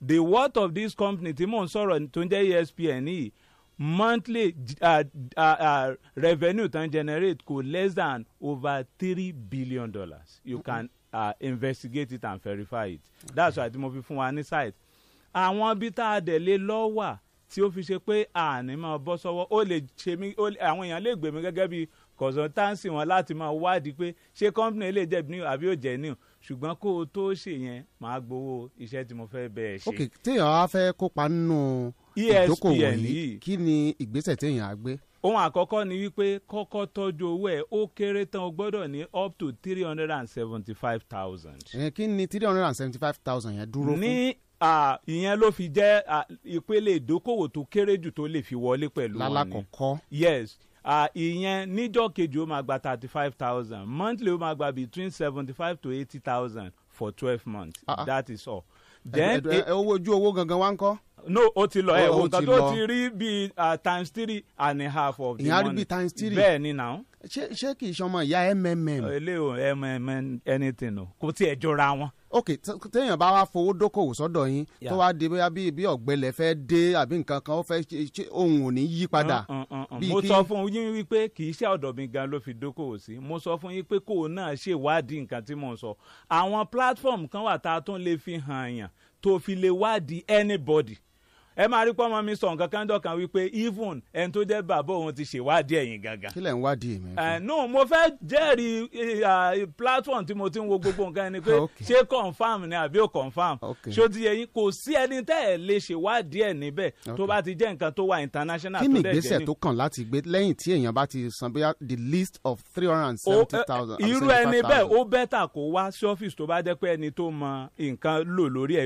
the worth of this company tí mò ń sọ̀rọ̀ tó ń jẹ́ ESPN yìí monthly uh, uh, uh, revenue tan generate ko less than over three billion dollars you can uh, investigate it and verify it that's why tí mo fi fún wa ní site àwọn ibi tá a dẹ̀ lé lọ́ wà tí ó fi ṣe pé àní máa bọ́ sọ́wọ́ ó lè ṣe mí àwọn èèyàn lè gbèmí gẹ́gẹ́ bí consultancy wọn láti máa wádìí pé ṣé company lè jẹ̀bi ní àbí ò jẹ́ ṣùgbọ́n kó o tó ṣe yẹn máa gbowó iṣẹ́ tí mo fẹ́ bẹ́ẹ̀ ṣe. ok téèyàn á fẹ́ kópa nínú. No ìdókòwò e yìí kí ni ìgbésẹ̀ téèyàn á gbé. ohun àkọ́kọ́ ni wípé kọ́kọ́ tọ́jú owó ẹ̀ ó kéré tán o gbọ́dọ̀ ní up to three hundred and seventy five thousand. ẹ kí ni three hundred and seventy five thousand yẹn dúró fún. ní ìyẹn ló fi jẹ́ ìpele ìdókòwò tó kéré jù tó lè fi wọlé pẹ̀lú wọn ni. lálàkọ̀kọ́. yes ìyẹn níjọ́ kejì ó máa gba thirty five thousand monthly ó máa gba between seventy five to eighty thousand for twelve months ah, ah. that is all. then owó ojú owó gangan wá ń kọ́ no o ti lọ ẹ wo nǹkan tó ti rí bíi uh, times three and a half of the money. ìyá rí bíi times three bẹ́ẹ̀ ni náà. ṣé ṣé kì í ṣọmọ ìyá mmm. ilé o mmm anything o kò tiẹ̀ jọra wọn. ok téèyàn bá wá fowó dókòwò sọ́dọ̀ yín tó wá di bóyá bíi bí ọ̀gbẹ́lẹ̀ fẹ́ dé àbí nǹkan kan ó fẹ́ ṣe ohun ò ní yí padà. Mm, mm, mm, mo sọ fún yín wípé kì í ṣe ọ̀dọ̀ mi gan ló fi dókòwò sí mo sọ fún yín pé kó o náà ṣèwádìí nǹkan tí mo sọ àwọn platform kan wà tá a tún lè fi hàn yàn tó fi lè wádìí anybody ẹ máa rí pọ́nmọ́ mi sọ nǹkan kan dọ̀kan wípé even ẹni tó jẹ́ bàbá òun ti ṣèwádìí ẹ̀yìn gangan. kílẹ̀ ń wádìí mi. ẹ nù mo fẹ́ jẹ́rìí platform tí mo ti ń wo gbogbo nǹkan ẹni pé ṣé confam ni àbí ò confam ṣó ti kò sí ẹni tẹ́ ẹ lè ṣèwádìí ẹ̀ níbẹ̀ tó bá ti jẹ́ nǹkan tó wà international tó dẹ̀ jẹ́ ni. kí ni ìgbésẹ̀ tó kàn láti gbé lẹ́yìn tí èèyàn bá ti san bóyá the list of three hundred and seventy thousand. irú ẹni bẹ́ẹ̀ ó bẹ́tà kó wá sí ọ́fíìsì tó bá jẹ́ pé ẹni tó mọ nǹkan lò lórí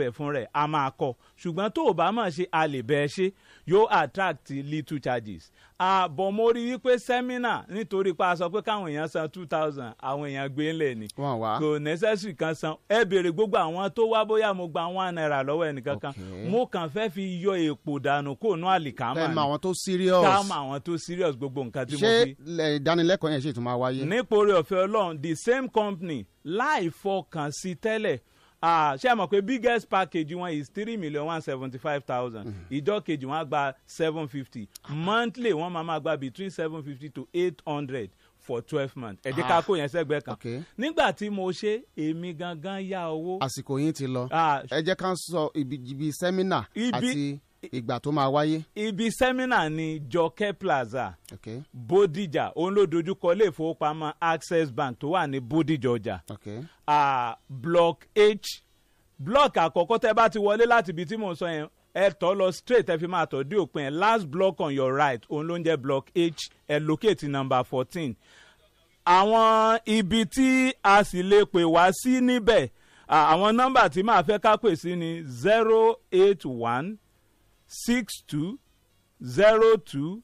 ẹ̀ fún rẹ̀ a máa kọ́ ṣùgbọ́n tó o bá máa ṣe a lè bẹ́ẹ̀ ṣe yóò attract little charges. àbọ̀ mo rí wípé sẹ́mínà nítorí pa sọ pé káwọn èèyàn san two thousand àwọn èèyàn gbé ńlẹ̀ ni kò necessary kan san ẹ béèrè gbogbo àwọn tó wá bóyá mo gba one naira lọ́wọ́ ẹnìkan mo kàn fẹ́ fi yọ èèpo dànù kó nú àlìkámà ni káàmà àwọn tó serious káàmà àwọn tó serious gbogbo nǹkan tí mo fi. ṣé ìdánilẹ́kọ̀ọ́ yẹn ṣì máa wáyé. nípòrí ọ̀fẹ́ ọlọ́run the same company láì fọkàn sí tẹ́lẹ̀ Ah, ṣé ẹ mọ̀ pé biggest package wọn is three million one seventy five thousand mm-hmm. ìjọ kejì wọn gba seven fifty monthly wọn máa ma gba between seven fifty to eight hundred for twelve months ẹ̀dí ká ah. kó yẹn sẹ́gbẹ́ kan nígbà tí mo ṣe èmi gangan yá owó. àsìkò yín ti lọ ah. ẹ jẹ́ ká sọ ibi seminar àti ìgbà tó máa wáyé. ibi sẹ́mínà ni jọkẹ́ plaza okay. bódìjà òun ló dojúkọ ilé ìfowópamọ́ access bank tó wà ní bódìjà ọjà okay. uh, block h block àkọ́kọ́ tẹ́ bá ti wọlé láti ibi tí mò ń sọ yẹn ẹ tọ́ lọ straight ẹ fi máa tọ́ dé òpin ẹ last block on your right òun ló ń jẹ́ block h ẹ locate number fourteen àwọn ibi tí a sì lè pè wá sí níbẹ̀ àwọn nọ́mbà tí màá fẹ́ ká pè sí ni zero eight one six two zero two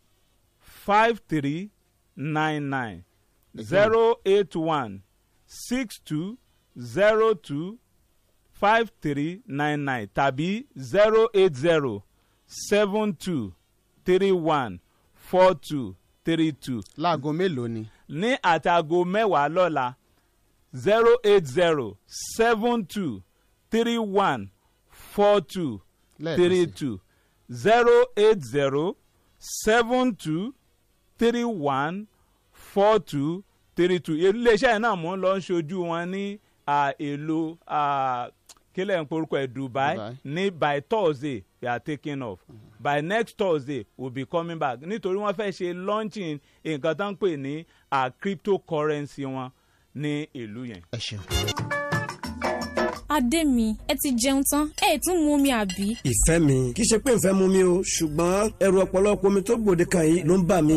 five three nine nine zero eight one six two zero two five three nine nine tàbí zero eight zero seven two three one four two three two. láago mélòó ni. ní àtàgo mẹ́wàá lọ́la zero eight zero seven two three one four two three two zero eight zero seven two three one four two three two iléeṣẹ́ yẹn náà mò ń lọ ń ṣojú wọn ní èlò kílẹ̀ ń porúkọ ẹ̀ Dubai ní by Thursday we are taking off mm-hmm. by next Thursday we will be coming back nítorí wọ́n fẹ́ ṣe launching nǹkan tó ń pè ní cryptocurrency wọn ní ìlú yẹn. ẹ ṣeun adé mi ẹ ti jẹun tán ẹ tún mú mi àbí. ìfẹ́ mi kì í ṣe pé ìfẹ́ mú mi o ṣùgbọ́n ẹrù ọ̀pọ̀lọpọ̀ omi tó gbòde kan yìí ló ń bà mí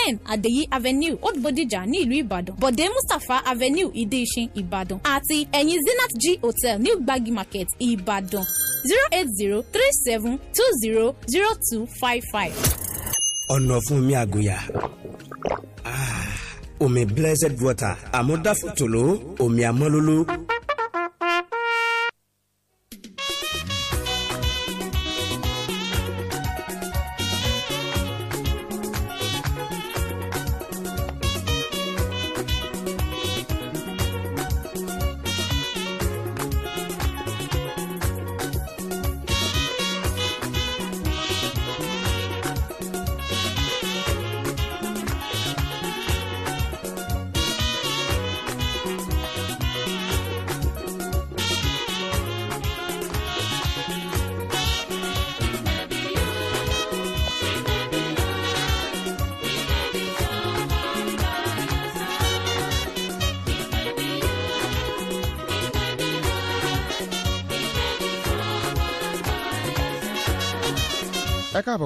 ten Adeyi avenue old bodija ní ìlú ìbàdàn bọ̀dé mustapha avenue ìdí-ìṣin ìbàdàn àti ẹ̀yìn zenith g hotel new gbagi market ìbàdàn zero eight zero three seven two zero zero two five five. ọ̀nà fún mi àgùyà ah, omi blessed water àmúdáfòtòló omi àmọ́lóló.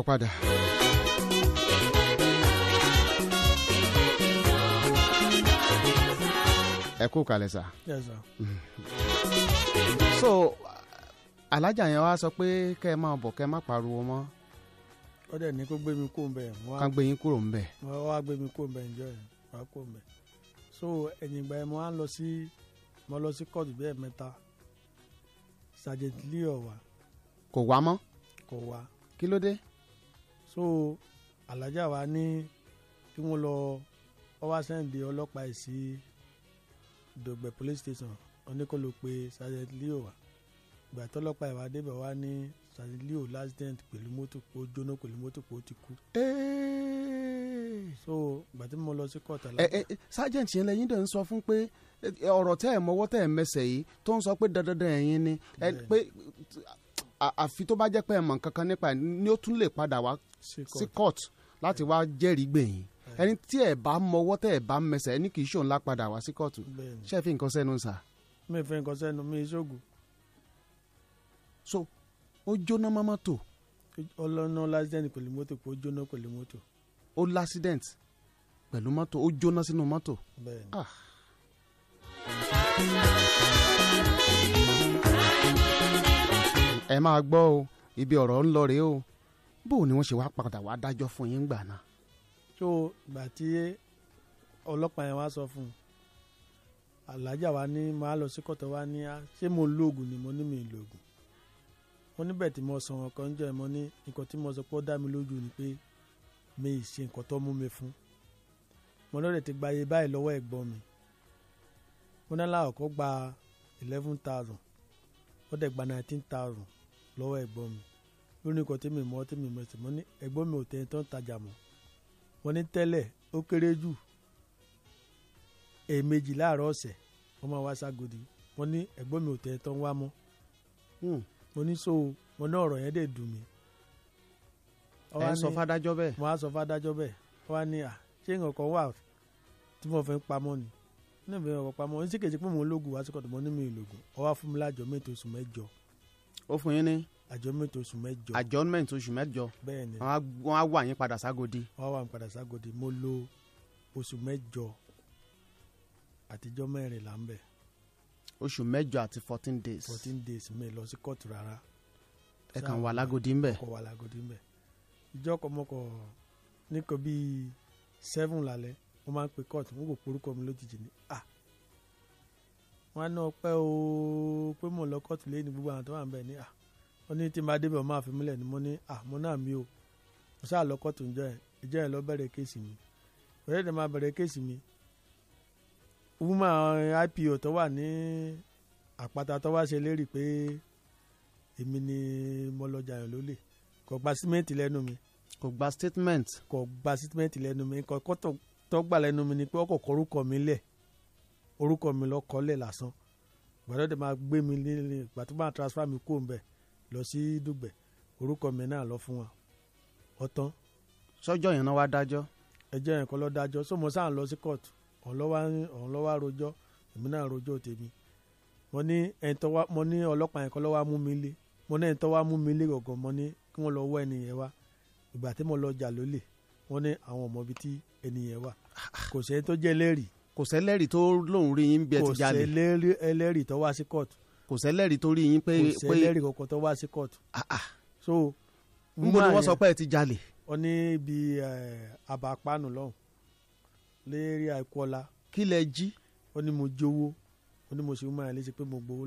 padà. ẹ kú kalẹ̀ Yes sir. so alájà yẹn wá sọ pé kẹ́ ẹ máa bọ̀ kẹ́ ẹ má pariwo ó dẹ̀ ní kó gbé mi kó ń bẹ̀. ká gbé yín kúrò ń bẹ̀. wọ́n wá mi kó ń bẹ̀ ǹjọ́ wá kó ń so ẹ̀yìn ìgbà yẹn mo á lọ sí mo lọ sí kóòtù bíi kò wá mọ́. kò wá. kí so alájà wa ní kí wọ́n lọ ọwá sẹ́ǹdì ọlọ́pàá yìí dògbẹ̀ police station oníkóló pé sergeant leo wa ìgbà tọ́lọ́pàá ìwà débẹ̀ wá ní sergeant leo l'accident pẹ̀lú mọ́tò pé ó jóná pẹ̀lú mọ́tò pé ti kú. so ìgbà tí mo lọ sí kọ́ọ̀tà láti. ẹ ẹ sergeant yẹn lẹ́yìn dẹ̀ ń sọ fún pé eh, ọ̀rọ̀ tẹ́ ẹ̀ mọ́wọ́ tẹ́ ẹ̀ mẹsẹ̀ yìí tó ń sọ pé dandandan ẹ̀yin ni pé àfi tó bá jẹ́ pé ẹ mọ̀ kankan nípa ẹ̀ ni ó tún lè padà wá sí court láti wá jẹ́rìí gbẹ̀yìn ẹni tí ẹ bá mọwọ́ tẹ́ ẹ bá mẹsẹ̀ ẹni kì í ṣòun lá padà wá sí kóòtù ṣé ẹ fi nǹkan sẹ́nu sà. mi fi nǹkan sẹ́nu mi ìṣògùn. so ó jóná mọ́ mọ́tò. ọlọ́nà lásìdẹ́ǹtì pẹ̀lú mọ́tò kò jóná pẹ̀lú mọ́tò. ó lásìdẹ́ǹtì pẹ̀lú mọ́tò ó jóná sínú mọ́tò. bẹ́ẹ̀ni. ah. ẹ máa gbọ́ o ibi ọ̀rọ̀ ń lọ rèé o bó ni wọ́n ṣe wá padà wá dájọ́ fún yín gbà náà. tó ìgbà tí ọlọ́pàá yẹn wá sọ fún un alájà wa ní máa lọ sí kọ́tọ̀ wa ní ṣé mo lóògùn ni mo ní mi lóògùn mo níbẹ̀ tí mo sọ̀rọ̀ kan jẹ́ mo ní nǹkan tí mo sọ pé ó dá mi lójú ni pé mi ì ṣe nǹkan tó mú mi fún mo lọ́dẹ̀ ti gba iye báyìí lọ́wọ́ ẹ̀gbọ́n mi mo ní aláwọ̀ kọ́ gba eleven thousand ó dẹ̀ gba nineteen thousand lọ́wọ́ ẹ̀gbọ́n mi lónìí kan tèmi mọ́ tèmi mọ́ ẹ̀sìn mọ́ ní ẹ̀gbọ́n mi ò tẹ́ni tó ń tajà mọ́ wọ́n ní tẹ́lẹ̀ ó kéré jù èèmejì láàárọ̀ ọ̀sẹ̀ wọ́n máa wá ságodi wọ́n ní ẹ̀gbọ́n mi ò tẹ́ni tó ń wá mọ́ hmm. mo ní so mo ní ọ̀rọ̀ yẹn dẹ̀ dùn mí. ẹ sọ fádájọ́ bẹ́ẹ̀. mo á sọ fádájọ́ bẹ́ẹ̀ wọ́n á ní à ṣé nǹkan kan wà tí mo fẹ́ ń pamọ́ ni níbi ọ̀pọ̀ pamọ́ ní síkèjì pé mo ń lògùn wá sí kọ̀tùmọ́ ní mi ìlògùn ọwọ́ fún mi lájọ mẹ́tò oṣù mẹ́jọ ó fún yín ní. adjournment oṣù mẹ́jọ. adjournment oṣù mẹ́jọ. bẹ́ẹ̀ni wọ́n á wà yín padà ságodi. wọ́n á wà yín padà ságodi mo lò oṣù mẹ́jọ àtijọ́ mẹ́rìnlá ń bẹ̀. oṣù mẹ́jọ àti fourteen days. fourteen days mi lọ sí kóòtù rárá. ẹ kàn wà lágodi ń bẹ̀. ọkọ̀ wà lágodi ń bẹ̀. ìjọkọ̀ mọ́kọ̀ nìkan bíi seven lálẹ́ wọ́n máa ń pe kóòtù wọ́n kò porúkọ mi lójijì ní ah wọn á ná ọpẹ́ o pé mò ń lọ kóòtù lẹ́yìn gbogbo àwọn tó wà ń bẹ̀ ní à ah. wọn ní tí n débẹ̀ máa fi múlẹ̀ ni mo ní à ah, mo náà mi o mo sáà lọ kóòtù ìjọ ẹ̀ ìjọ ẹ̀ lọ bẹ̀rẹ̀ kéèsì mi bẹ̀rẹ̀ dẹ̀ máa bẹ̀rẹ̀ kéèsì mi wúmà IPO tó wà ní àpáta tó wá ṣe lérì pé èmi ni mo lọ jàyàn lólè kò gba símẹ́ǹtì lẹ́nu mi. kò gba statement. kò gba statement lẹ́nu mi kò kọ́ tó gbà lẹ́nu mi ni pé ọkọ̀ kọ́rúkọ mi lẹ̀ orúkọ mi lọ kọ́lẹ̀ lásán gbàdọ́ dẹ̀ máa gbé mi lílé ìgbà tó bá transfer mi kúrò mbẹ̀ lọ sí dùgbẹ̀ orúkọ mi náà lọ fún wa ọtán. sọ́jọ́ yẹn náà wá dájọ́. ẹjọ́ yẹn kọ́ lọ dájọ́ sọmọ sáà lọ sí kóòtù ọ̀hún lọ́wọ́ àròjọ́ èmi náà rojọ́ tèmi mo ní ẹ̀ńtọ́ wa mo ní ọlọ́pàá yẹn kọ́ lọ́wọ́ mú mi lé mo ní ẹ̀ńtọ́ wa mú mi lé gọ̀gàn mo ní kí wọ́n lọ wọ́ ẹnìyẹn wá ìgbà tí mo lọ jà lólè wọ́n ní àwọn ọmọ bíi tí ẹnìyẹn wà kò sẹ́ni tó jẹ́ lẹ́rìí kò sẹ́lẹ́rì tó lóun rí yín bí ẹ ti jalè. kò sẹ́lẹ́rì ẹlẹ́rì tó wá sí kóòtù. kò sẹ́lẹ́rì tó rí yín pé. kò sẹ́lẹ́rì kankan tó wá sí kóòtù. Ah, ah. so n bó ni wọ́n sọ pé ẹ ti jalè. ó ní ibi àbápánu lọ́hùn lérí àìkọ́lá. kí lẹ jí. ó ní mo jówó ó ní mo sì ń mọ àyàn léṣe pé mo gbowó.